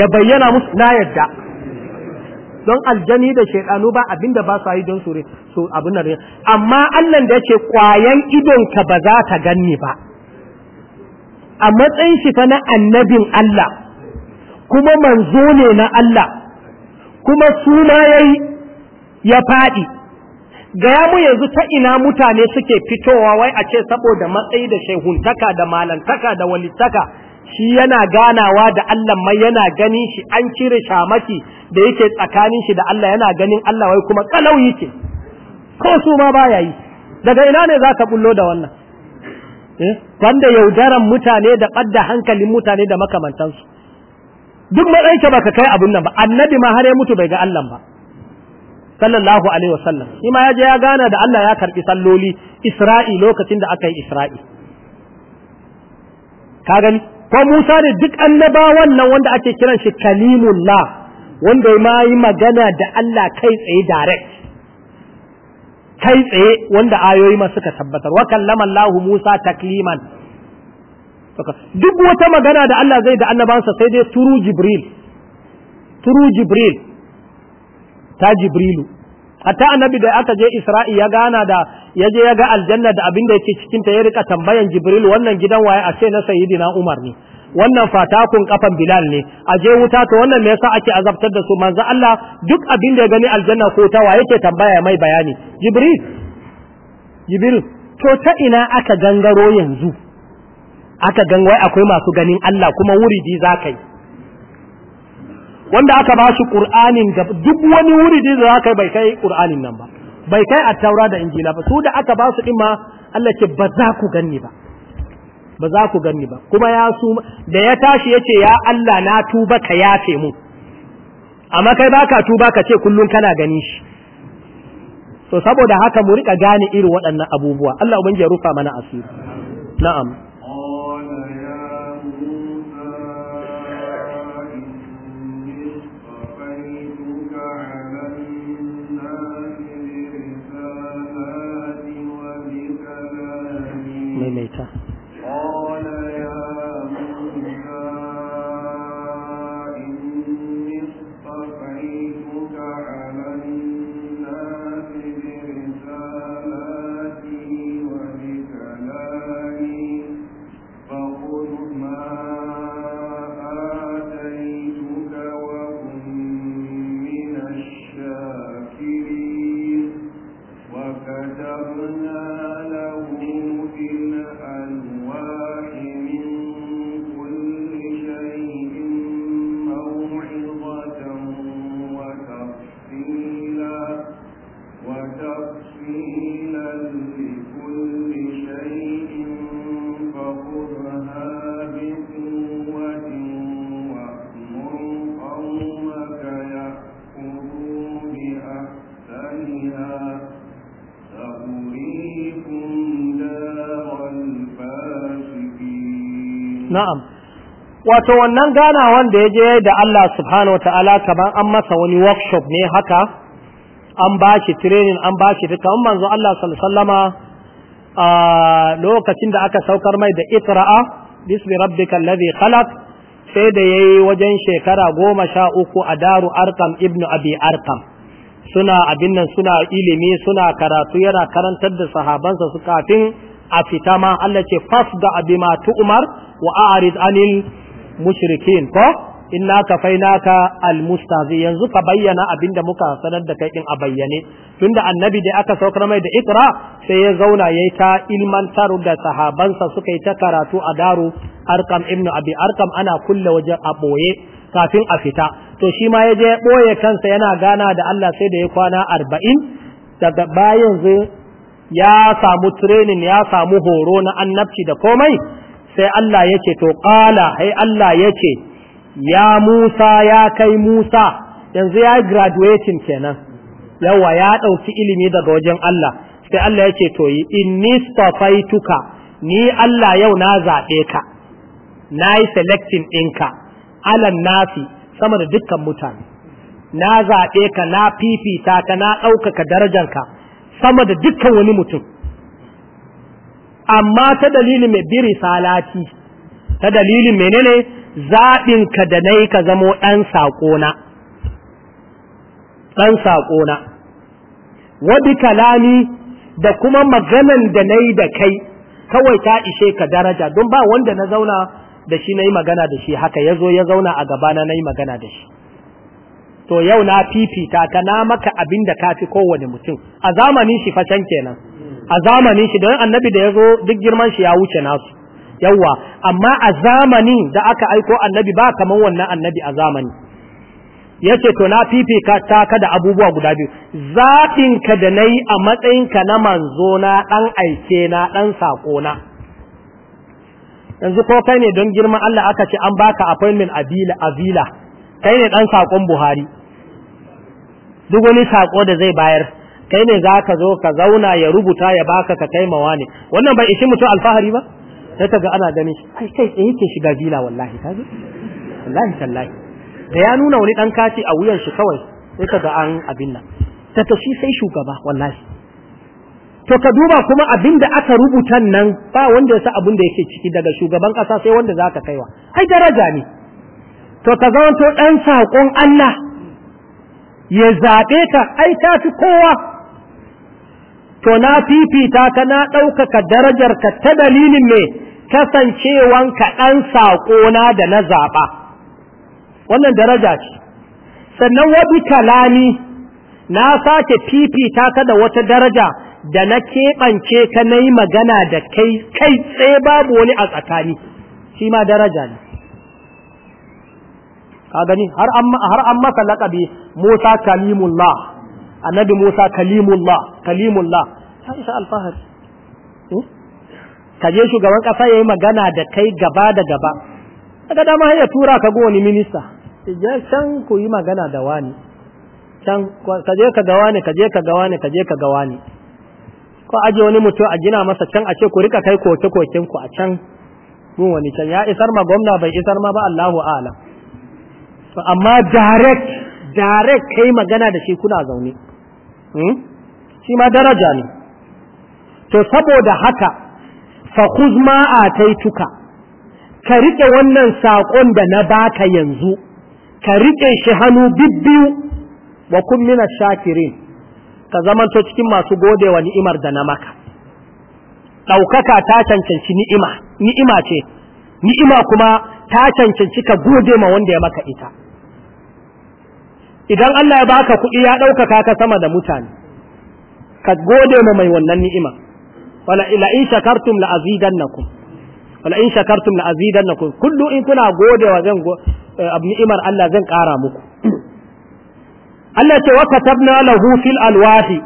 ya bayyana musu na yadda don aljani da shekanu ba abinda ba su yi don sure su abin da amma Allah da yake kwayan idon ka ba za ta ganni ba a matsayin shi fa na annabin Allah kuma manzo ne na Allah kuma suna yayi ya faɗi gaya mu yanzu ta ina mutane suke fitowa wai a ce saboda matsayi da shehuntaka da malantaka da walittaka shi yana ganawa da Allah mai yana ganin shi an cire shamaki da yake tsakanin shi da Allah yana ganin Allah wai kuma kalau yake ko su ma baya yi daga ina ne zaka bullo da wannan wanda eh? yaudaran mutane da ɓadda hankalin mutane da makamantansu duk matsayinka ba ka kai abun nan ba annabi ma har ya mutu bai ga Allah ba sallallahu alaihi wasallam shi ma ya je ya gana da Allah ya karbi salloli Isra'i lokacin da aka yi Isra'i ka gani ko Musa ne duk annabawan nan wanda ake kiran shi kalimullah wanda ma yi magana da Allah kai tsaye direct kai tsaye wanda ayoyi ma suka tabbatar wa kallama Allah Musa takliman duk wata magana da Allah zai da annabansa sai dai turu jibril turu jibril ta jibrilu hatta annabi da aka je isra'i ya gana da ya je ya ga aljanna da abin da yake cikin ta ya rika tambayan jibril wannan gidan waye a ce na sayyidina umar ne wannan fatakun kafan bilal ne a je wuta to wannan me yasa ake azabtar da su manzo Allah duk abin da ya gani aljanna ko ta waye yake tambaya mai bayani jibril jibril to ta ina aka gangaro yanzu aka gan wai akwai masu ganin Allah kuma wuridi za ka yi wanda aka ba shi ƙur'anin da duk wani wuridi da za ka bai kai ƙur'anin nan ba bai kai a taura da injila ba su da aka ba su ɗima Allah ce ba za ku ganni ba ba za ku ganni ba kuma ya su da ya tashi ya ce ya Allah na tuba ka yafe mu amma kai baka tuba ka ce kullum kana gani shi to saboda haka mu rika gane irin waɗannan abubuwa Allah ubangiji ya rufa mana asiri na'am na'am wato wannan gana wanda ya je da Allah subhanahu wataala kamar an masa wani workshop ne haka an ba shi training an ba shi duka an manzo Allah sallallahu a lokacin da aka saukar mai da ikra'a bismi rabbikal ladhi khalaq sai da yayi wajen shekara goma sha uku a daru arkam ibnu abi arkam suna abin nan suna ilimi suna karatu yana karantar da sahabansa su kafin a fita ma Allah ce fasda abima umar wa a'rid anil mushrikin ko inna ka kafainaka almustazi yanzu ka bayyana abinda muka sanar da kai din a bayyane tunda annabi da aka saukar mai da ikra sai ya zauna yayi ta ilmantar da sahabansa suka yi ta karatu a daru arkam ibn abi arkam ana kulle wajen a boye kafin a fita to shi ma ya je boye kansa yana gana da Allah sai da ya kwana arba'in daga bayan zai ya samu training ya samu horo na annabci da komai sai Allah yake to ƙala hai Allah yake ya Musa ya kai Musa yanzu ya graduating kenan yawa ya ɗauki ilimi daga wajen Allah sai Allah yake to yi inni stafaituka ni Allah yau na zaɓe ka nayi yi selecting ka alan nafi sama da dukkan mutane na zaɓe ka na fifita ka na ɗaukaka ka. sama da dukkan wani mutum amma ta dalili mai biri salati ta dalilin menene zaɓinka da na yi ka zamo ɗan saƙona ɗan saƙona kalami da kuma maganan da na da kai kawai ta ishe ka daraja don ba wanda na zauna da shi na yi magana da shi haka ya zo ya zauna a gabana na yi magana da shi to yau na fifita ka na maka abin da kafi kowane mutum a zamanin shi fashen kenan a zamanin shi don annabi da ya zo duk girman shi ya wuce nasu yawwa. amma a zamanin da aka aiko annabi ba kamar wannan annabi a zamani ya ce to na fifita ta ka da abubuwa guda biyu ka da na yi a matsayin ka na manzo na ɗan aike na dan saƙo na yanzu ko kai ne don girman Allah aka ce an baka appointment a vila kai ne ɗan saƙon Buhari duk wani sako da zai bayar kai ne za ka zo ka zauna ya rubuta ya baka ka kai mawa ne wannan bai ishi mutum alfahari ba sai ka ga ana ganin shi ai kai tsaye ke shiga jila wallahi ta ji wallahi tallahi da ya nuna wani dan kaci a wuyan shi kawai sai ka ga an abin nan ta shi sai shugaba wallahi to ka duba kuma abin da aka rubuta nan ba wanda ya sa abin da yake ciki daga shugaban kasa sai wanda za ka kaiwa ai daraja ne to ka zama to dan saƙon Allah ya zaɓe ka ai ta fi kowa to na fifita ka na ɗaukaka darajarka ta dalilin me kasancewanka ɗan saƙona da na zaɓa wannan daraja ce sannan wabi kalami na sake fifita ka da wata daraja da na keɓance ka na yi magana da kai kai tsaye babu wani a tsakani shi ma daraja ne ka gani har an har masa laqabi Musa kalimullah annabi Musa kalimullah kalimullah isa alfahar hmm? ka je shugaban kasa yayi magana da kai gaba da gaba daga dama ya tura ka ga wani minista ya can ku yi magana da wani can ka je ka ga wani ka je ka ga wani ka je ka ga wani ko aje wani mutum a gina masa can a ce ku rika kai koke koken ku a can mun wani can ya isar ma gwamna bai isar ma ba Allahu a'lam to amma direct direct kai magana da shi kuna zaune hmm? shi ma daraja ne to saboda haka fa khuz ma ataituka ka rike wannan sakon da na baka yanzu ka rike shi hannu bibbiyu wa kun mina shakirin ka zamanto cikin masu godewa ni'imar da na maka ɗaukaka ta cancanci ni'ima ni'ima ce ni'ima kuma ta cancanci ka gode ma wanda ya maka ita idan Allah ya baka kuɗi ya ɗaukaka ka sama da mutane ka gode ma mai wannan ni'ima wala ila in shakartum la azidannakum wala in shakartum la azidannakum kullu in kuna gode wa zan eh, ni'imar Allah zan ƙara muku Allah ce wa katabna lahu fil alwahi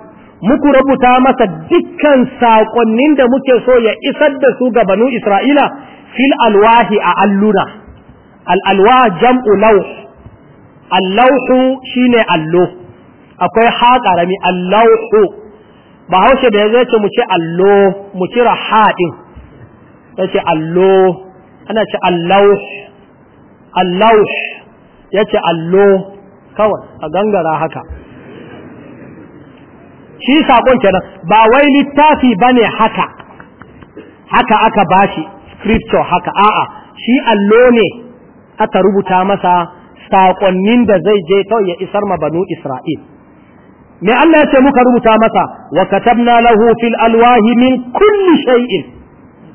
muku rubuta masa dukkan saƙonnin da muke so ya isar da su ga banu Isra'ila fil alwahi a alluna al alwa jam'u lauh allauhu ne allo akwai ha karami allauhu ba haushe da ya ce mu ce allo mu kira haɗin ya ce allo ana ce allauh allauh ya ce allo kawai a gangara haka shi saƙon kenan ba wai littafi ba ne haka haka aka bashi scripture haka a'a shi allo ne aka rubuta masa saƙonnin da zai je kawai ya isar ma banu Isra'il me Allah ya ce muka rubuta masa wa katabna lahu fil alwahi min kulli shay'in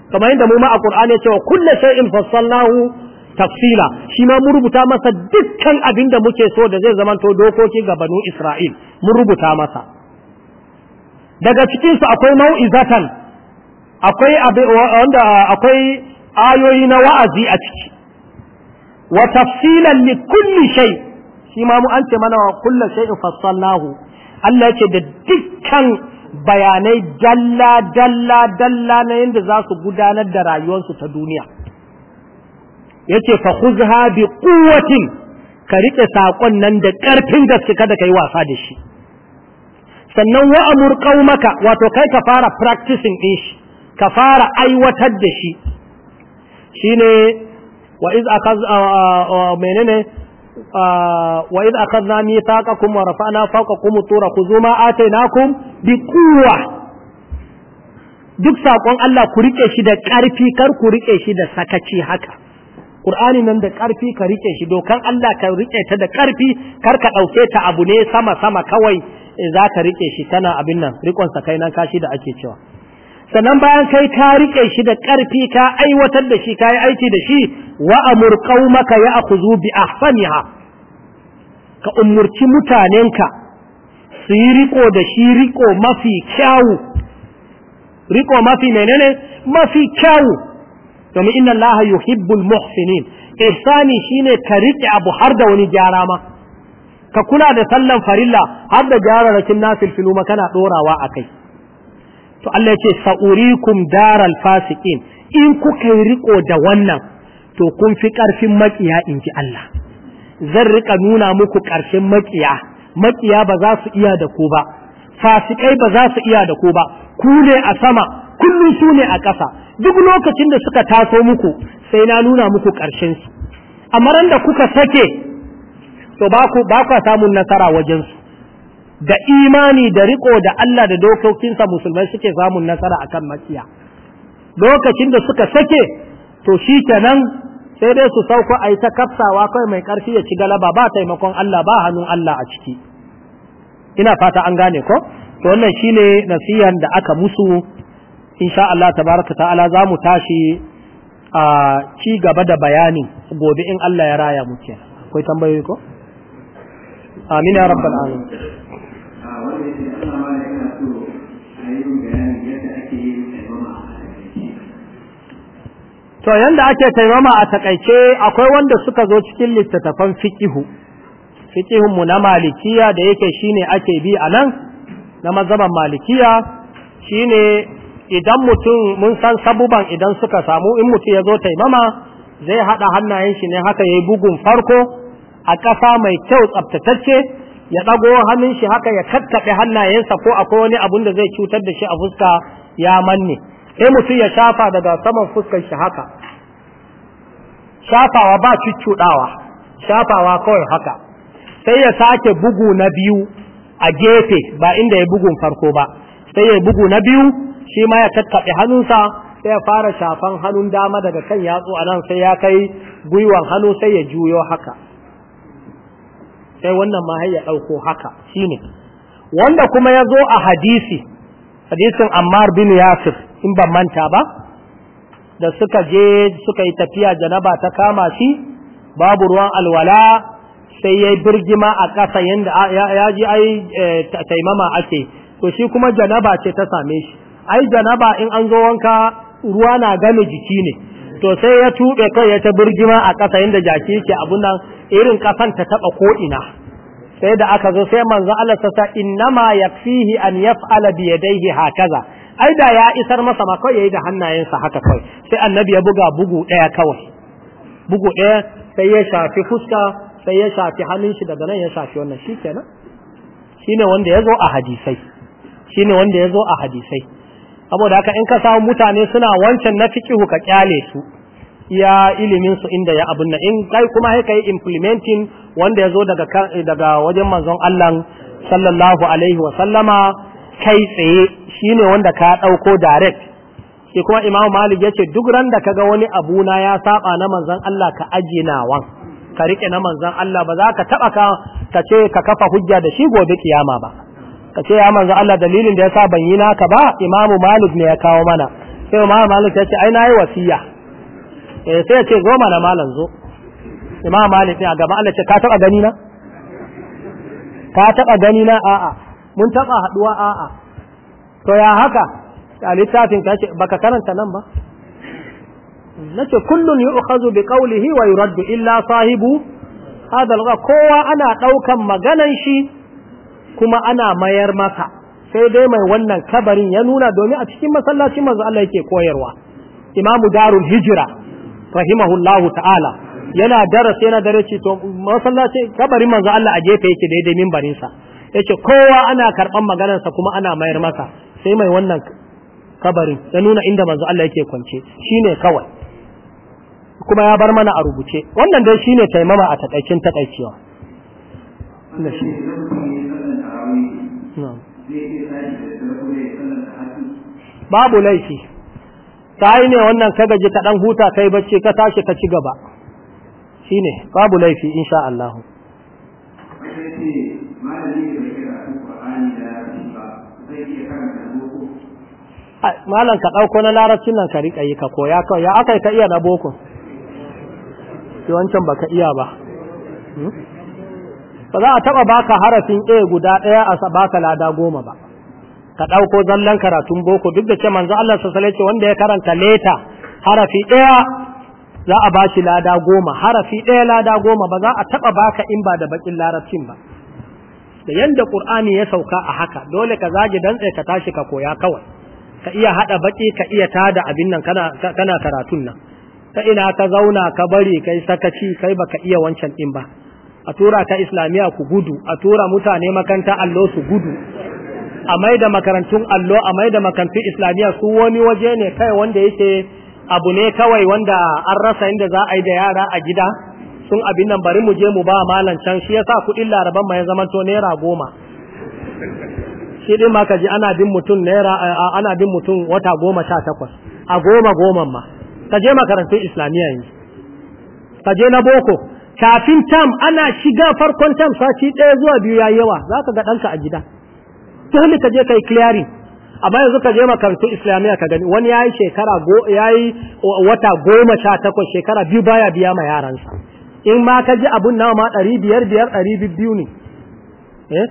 kamar yadda mu ma a Qur'ani ya ce wa kulli shay'in fassalnahu tafsila shi ma mun rubuta masa dukkan abin da muke so da zai zamanto dokoki ga banu Isra'il mun rubuta masa daga cikin su akwai mau'izatan akwai wanda akwai ayoyi na wa'azi a ciki wa tafsilan li kulli shay shi ma mu an ce mana kullu in fassalnahu Allah yake da dukkan bayanai dalla dalla dalla na yadda za su gudanar da rayuwarsu ta duniya yace fa khuzha bi quwwatin ka rike sakon nan da karfin gaske kada kai wasa da shi sannan wa amur qaumaka wato kai ka fara practicing din shi ka fara aiwatar da shi shine wa iz menene wa iz akadna mithaqakum wa rafa'na fawqakum tura na atainakum bi quwwa duk sakon Allah ku rike shi da ƙarfi kar ku rike shi da sakaci haka Qur'ani nan da ƙarfi ka rike shi dokan Allah ka rike ta da ƙarfi kar ka ɗauke ta abu ne sama sama kawai eh, za ka rike shi tana abin nan rikon sakai nan kashi da ake cewa sannan bayan kai ka riƙe shi da ƙarfi ka aiwatar da shi ka yi aiki da shi wa amur qaumaka ya akhuzu bi ahsaniha ka umurci mutanenka su yi riƙo da shi riƙo mafi kyawu Riƙo mafi menene mafi kyawu domin inna allaha yuhibbul muhsinin ihsani shine ka riƙe abu har da wani gyara ma ka kula da sallan farilla har da gyararrakin nafil filu kana a akai to Allah ya ce sa'urikum daral fasikin in kuka yi riko da wannan to kun fi ƙarfin maƙiya in ji Allah zan rika nuna muku ƙarshen maƙiya maƙiya ba za su iya da ku ba fasikai ba za su iya da ku ba ku ne a sama kullum su ne a ƙasa duk lokacin da suka taso muku sai na nuna muku ƙarshen su amma da kuka sake to ba ku ba ku samun nasara wajen su da imani da riko da Allah da dokokinsa musulmai suke samun nasara akan makiya lokacin da suka sake to shi kenan sai dai su sauko a yi ta kafsawa kawai mai ƙarfi ya ci galaba ba taimakon Allah ba hannun Allah a ciki ina fata an gane ko to wannan shine nasiyan da aka musu insha Allah tabaraka ta'ala za mu tashi a ci gaba da bayani gobe in Allah ya raya mu kenan akwai tambayoyi ko amina rabbal
alamin ake taimama a
To yanda ake taimama a takaice akwai wanda suka zo cikin littattafan fiqihu fiqihun na malikiya da yake shine ake bi a nan na mazhaban malikiya shine idan mutum mun san sabuban idan suka samu in mutum ya zo taimama zai hada hannayen shi ne haka yayi bugun farko a ƙasa mai kyau tsaftatacce ya ɗago hannun shi haka ya kattaɓe hannayensa ko akwai wani abun da zai cutar da shi a fuska ya manne sai mutum ya shafa daga saman fuskar shi haka shafawa ba cuccuɗawa shafawa kawai haka sai ya sake bugu na biyu a gefe ba inda ya bugun farko ba sai ya bugu na biyu shi ma ya tattaɓe hannunsa sai ya fara shafan hannun dama daga kan yatsu a nan sai ya kai gwiwar hannu sai ya juyo haka sai wannan ma ya ɗauko haka shine wanda kuma ya zo a hadisi hadisin ammar bin yasir in ban manta ba da suka je suka yi tafiya janaba ta kama shi babu ruwan alwala sai ya yi birgima a ƙasa yanda yaji ji ai eh, taimama ake to shi kuma janaba ce ta same shi ai janaba in an zo wanka ruwa na game jiki ne to sai ya tuɓe kai ya ta birgima a ƙasa inda jaki yake abun nan irin ƙasan ta taɓa ina. sai da aka zo sai manzo Allah ta sa innama yakfihi an yaf'ala bi yadayhi hakaza ai da ya isar masa ma kai yayi da hannayensa haka kai. sai annabi ya buga bugu ɗaya kawai bugu ɗaya sai ya shafi fuska sai ya shafi hannun shi daga nan ya shafi wannan shikenan shine wanda ya zo a hadisai shine wanda ya zo a hadisai saboda haka in ka samu mutane suna wancan na fiqihu ka kyale su Ya ilimin su inda ya abun in kai kuma sai yi implementing wanda yazo daga daga wajen manzon Allah sallallahu alaihi wa sallama kai tsaye shine wanda ka ɗauko direct shi kuma Imam Malik ya ce duk ran da ga wani abu na ya saba na manzon Allah ka aje ka rike na manzon Allah ba za ka taba ka ce ka kafa hujja da shi gobe kiyama ba ka ce ya manzo Allah dalilin da yasa ban yi naka ba imamu malik ne ya kawo mana sai imamu malik ya ce ai nayi wasiya eh sai ya ce goma na malam zo imamu malik ne a gaba Allah ce ka taba gani na ka taba gani na a'a mun taba haduwa a'a to ya haka a littafin ka ce baka karanta nan ba nace kullun yu'khazu bi qawlihi wa yuraddu illa sahibu hadha kowa ana daukan maganan shi kuma ana mayar maka sai dai mai wannan kabarin ya nuna domin a cikin masallacin manzo Allah yake koyarwa imamu darul hijira rahimahullahu ta'ala yana darasi yana darasi to masallacin kabarin manzo Allah a gefe yake daidai minbarin sa yace kowa ana karban maganar sa kuma ana mayar maka sai mai wannan kabarin ya nuna inda manzo Allah yake kwance shine kawai kuma ya bar mana a rubuce wannan dai shine taimama a takaicin takaicewa
Allah shi babu laifi
ta yi ne wannan ka gaji ka ɗan huta kai bacci ka tashi ka ci gaba shi ne babu laifi insha Allah malam ka ɗauko na larabcin nan ka riƙa yi ka koya kawai ya aka ka iya na boko yawancin baka iya ba hmm? ba za a taɓa baka harafin a guda ɗaya a ka lada goma ba ka ɗauko zallan karatun boko duk da ce manzo Allah sassale ce wanda ya karanta leta harafi ɗaya za a ba lada goma harafi ɗaya lada goma ba za a taɓa baka in ba da baƙin larabcin ba da yadda ƙur'ani ya sauka a haka dole ka zage dantse ka tashi ka koya kawai ka iya haɗa baƙi ka iya tada abin nan kana, kana karatun nan ta ina ka zauna ka bari kai sakaci kai baka iya wancan din ba a tura ta islamiya ku gudu a tura mutane makanta allo su gudu a mai da makarantun allo a mai da makarantun islamiyya su wani waje ne kai wanda yake abu ne kawai wanda an rasa inda za a yi da yara a gida sun abin nan bari mu je mu ba malam can shi yasa kuɗin laraban ma ya to naira goma shi din ma kaji ana bin mutum naira ana bin mutum wata goma sha takwas a goma goman ma ka je makarantun islamiyya yanzu ka je na boko kafin tam ana shiga farkon tam sati ɗaya zuwa biyu ya yawa za ka ga ɗanka a gida dole ka je ka kai clearing amma yanzu ka je makarantun islamiyya ka gani wani yayi shekara go yayi wata goma sha takwas shekara biyu baya biya ma yaransa in ma ka ji abun nawa ma ɗari biyar biyar ɗari biyu ne eh?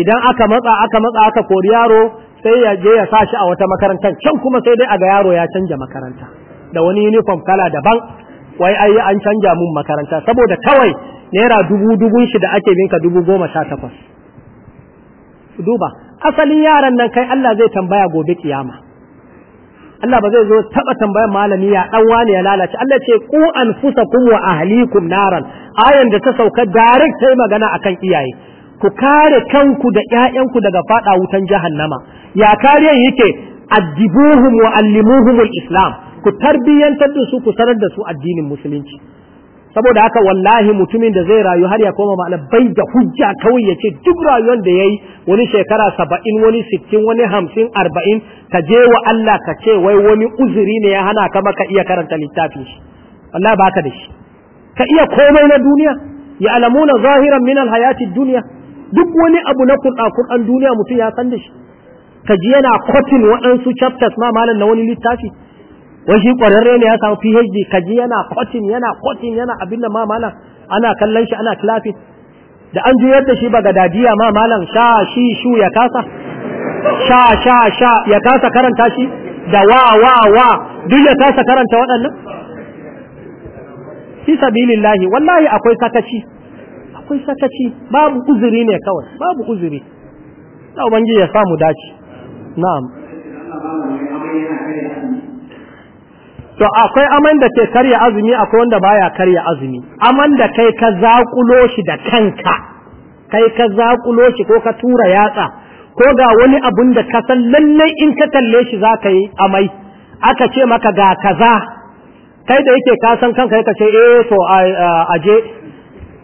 idan aka matsa aka matsa aka kori yaro sai ya je ya sa shi a wata makarantar can kuma sai dai a ga yaro ya canja makaranta da wani uniform kala daban wai ai an canja mun makaranta saboda kawai naira dubu dubun shi da ake binka dubu goma sha takwas duba asalin yaran nan kai Allah zai tambaya gobe kiyama Allah ba zai zo taba tambayar malami ya dan wani ya lalace Allah ce ku anfusakum wa ahlikum naran ayan da ta sauka direct sai magana akan iyaye ku kare kanku da ƴaƴanku daga fada wutan jahannama ya kariyan yake addibuhum wa allimuhum islam ku tarbiyantar da su ku sanar da su addinin musulunci saboda haka wallahi mutumin da zai rayu har ya koma ma'ana bai da hujja kawai ya ce duk rayuwar da ya yi wani shekara saba'in wani sittin wani hamsin arba'in ka je wa Allah ka ce wai wani uzuri ne ya hana ka maka iya karanta littafin shi Allah ba ka da shi ka iya komai na duniya ya alamuna zahiran min alhayati duniya duk wani abu na kurɗa kurɗan duniya mutum ya san da shi ka ji yana kotin waɗansu chapters ma malam na wani littafi wai shi ƙwararre ne ya samu PhD kaji yana kotin yana kotin yana abin da ma malam ana kallon shi ana clapping da an ji yadda shi ba gadadiya ma malam sha shi shu ya kasa sha sha sha ya kasa karanta shi da wa wa wa duk ya kasa karanta waɗannan fi sabilillahi wallahi akwai sakaci akwai sakaci babu uzuri ne kawai babu uzuri da ubangiji ya samu dace na'am to akwai aman da ke karya azumi akwai wanda baya karya azumi aman da kai ka zakulo shi da kanka kai ka zakulo shi ko ka tura yatsa ko ga wani abun da ka san lallai in ka kalle shi za ka yi amai aka ce maka ga kaza kai da yake ka san kanka ka ce eh to aje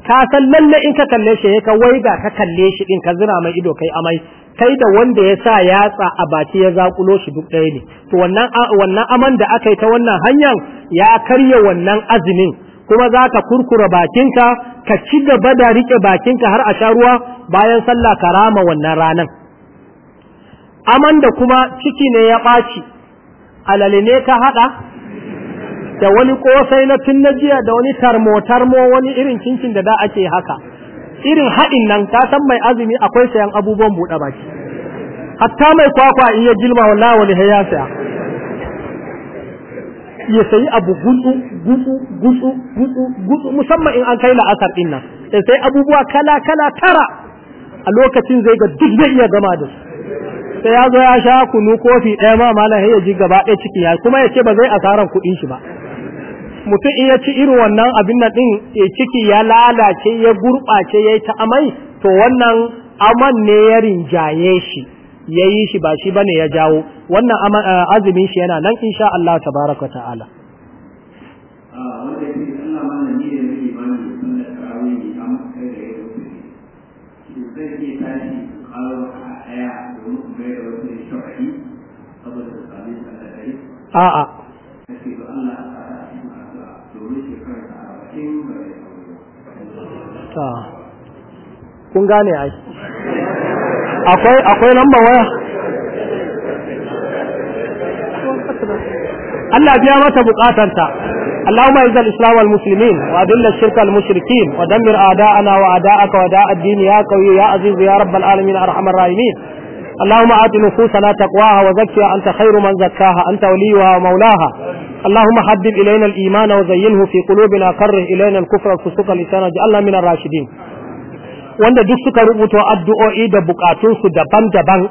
ka san lallai in ka kalle shi ka wai ga ka kalle shi din ka zina mai ido kai amai kai da wanda ya sa yatsa a baki ya zakulo shi duk ɗaya ne to wannan wannan aman da aka yi ta wannan hanyar ya karya wannan azumin kuma za ka kurkura bakinka ka ci gaba da riƙe bakinka har a sha ruwa bayan sallah ka rama wannan ranar. aman da kuma ciki ne ya ɓaci alale ne ka haɗa da wani ƙosai na tun na jiya da wani tarmo tarmo wani irin cincin da da ake haka irin haɗin nan ka san mai azumi akwai sayan abubuwan buɗe baki hatta mai kwakwa in ya jilma wa wani ya saya ya sayi abu gutsu gutsu gutsu gutsu gutsu musamman in an kai la'asar ɗin nan ya sayi abubuwa kala kala tara a lokacin zai ga duk zai iya gama da su sai ya zo ya sha kunu kofi ɗaya ma malam ya ji gaba ɗaya ciki ya kuma ya ce ba zai asaran kuɗin shi ba mutum in ya ci irin wannan abin nan din ciki ya lalace ya gurɓace ya yi ta amai to wannan aman ne ya rinjaye shi ya yi shi ba shi bane ya jawo wannan eh, azumin shi yana nan insha Allah tabaraka ta'ala a'a kun gane ai akwai اللهم اعز الاسلام والمسلمين واذل الشرك المشركين ودمر اعداءنا واعداءك واعداء الدين يا قوي يا عزيز يا رب العالمين ارحم الراحمين اللهم اعطي نفوسنا تقواها وزكها أنت خير من زكاها أنت وليها ومولاها اللهم حبب إلينا الإيمان وزينه في قلوبنا كره إلينا الكفر والفسوق والإسان واجعلنا من الراشدين wanda duk suka rubuta addu'o'i da bukatunsu daban-daban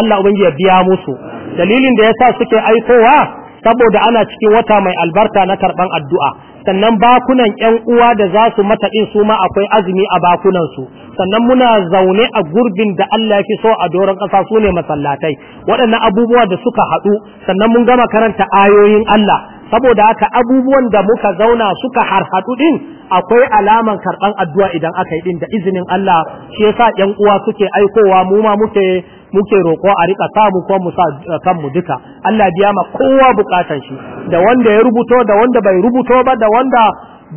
Allah ubangi ya biya musu dalilin da yasa suke aikowa saboda ana cikin wata mai albarka na karban addu'a sannan bakunan yan uwa da za su mata din su ma akwai azumi a bakunansu, sannan muna zaune a gurbin da Allah ya fi so a doron ƙasa su ne masallatai waɗannan abubuwa da suka haɗu sannan mun gama karanta ayoyin Allah saboda haka abubuwan da muka zauna suka harhaɗu din akwai alaman karban addu'a idan aka yi din da izinin Allah shi yasa ƴan uwa suke aikowa mu ma muke muke roƙo a rika mu ko mu sa eh, kanmu duka Allah biya ma kowa bukatan shi da wanda ya rubuto da wanda bai rubuto ba da wanda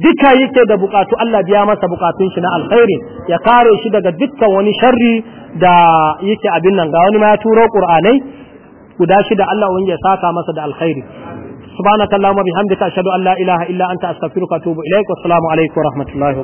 duka yake da bukatu Allah biya masa bukatun shi na alkhairi ya kare shi daga dukkan wani sharri da yake abin nan ga wani ma ya turo qur'anai guda shida Allah wani ya saka masa da alkhairi subhanaka allahumma bihamdika ashhadu an la ilaha illa anta astaghfiruka wa atubu ilaik wa assalamu alaikum wa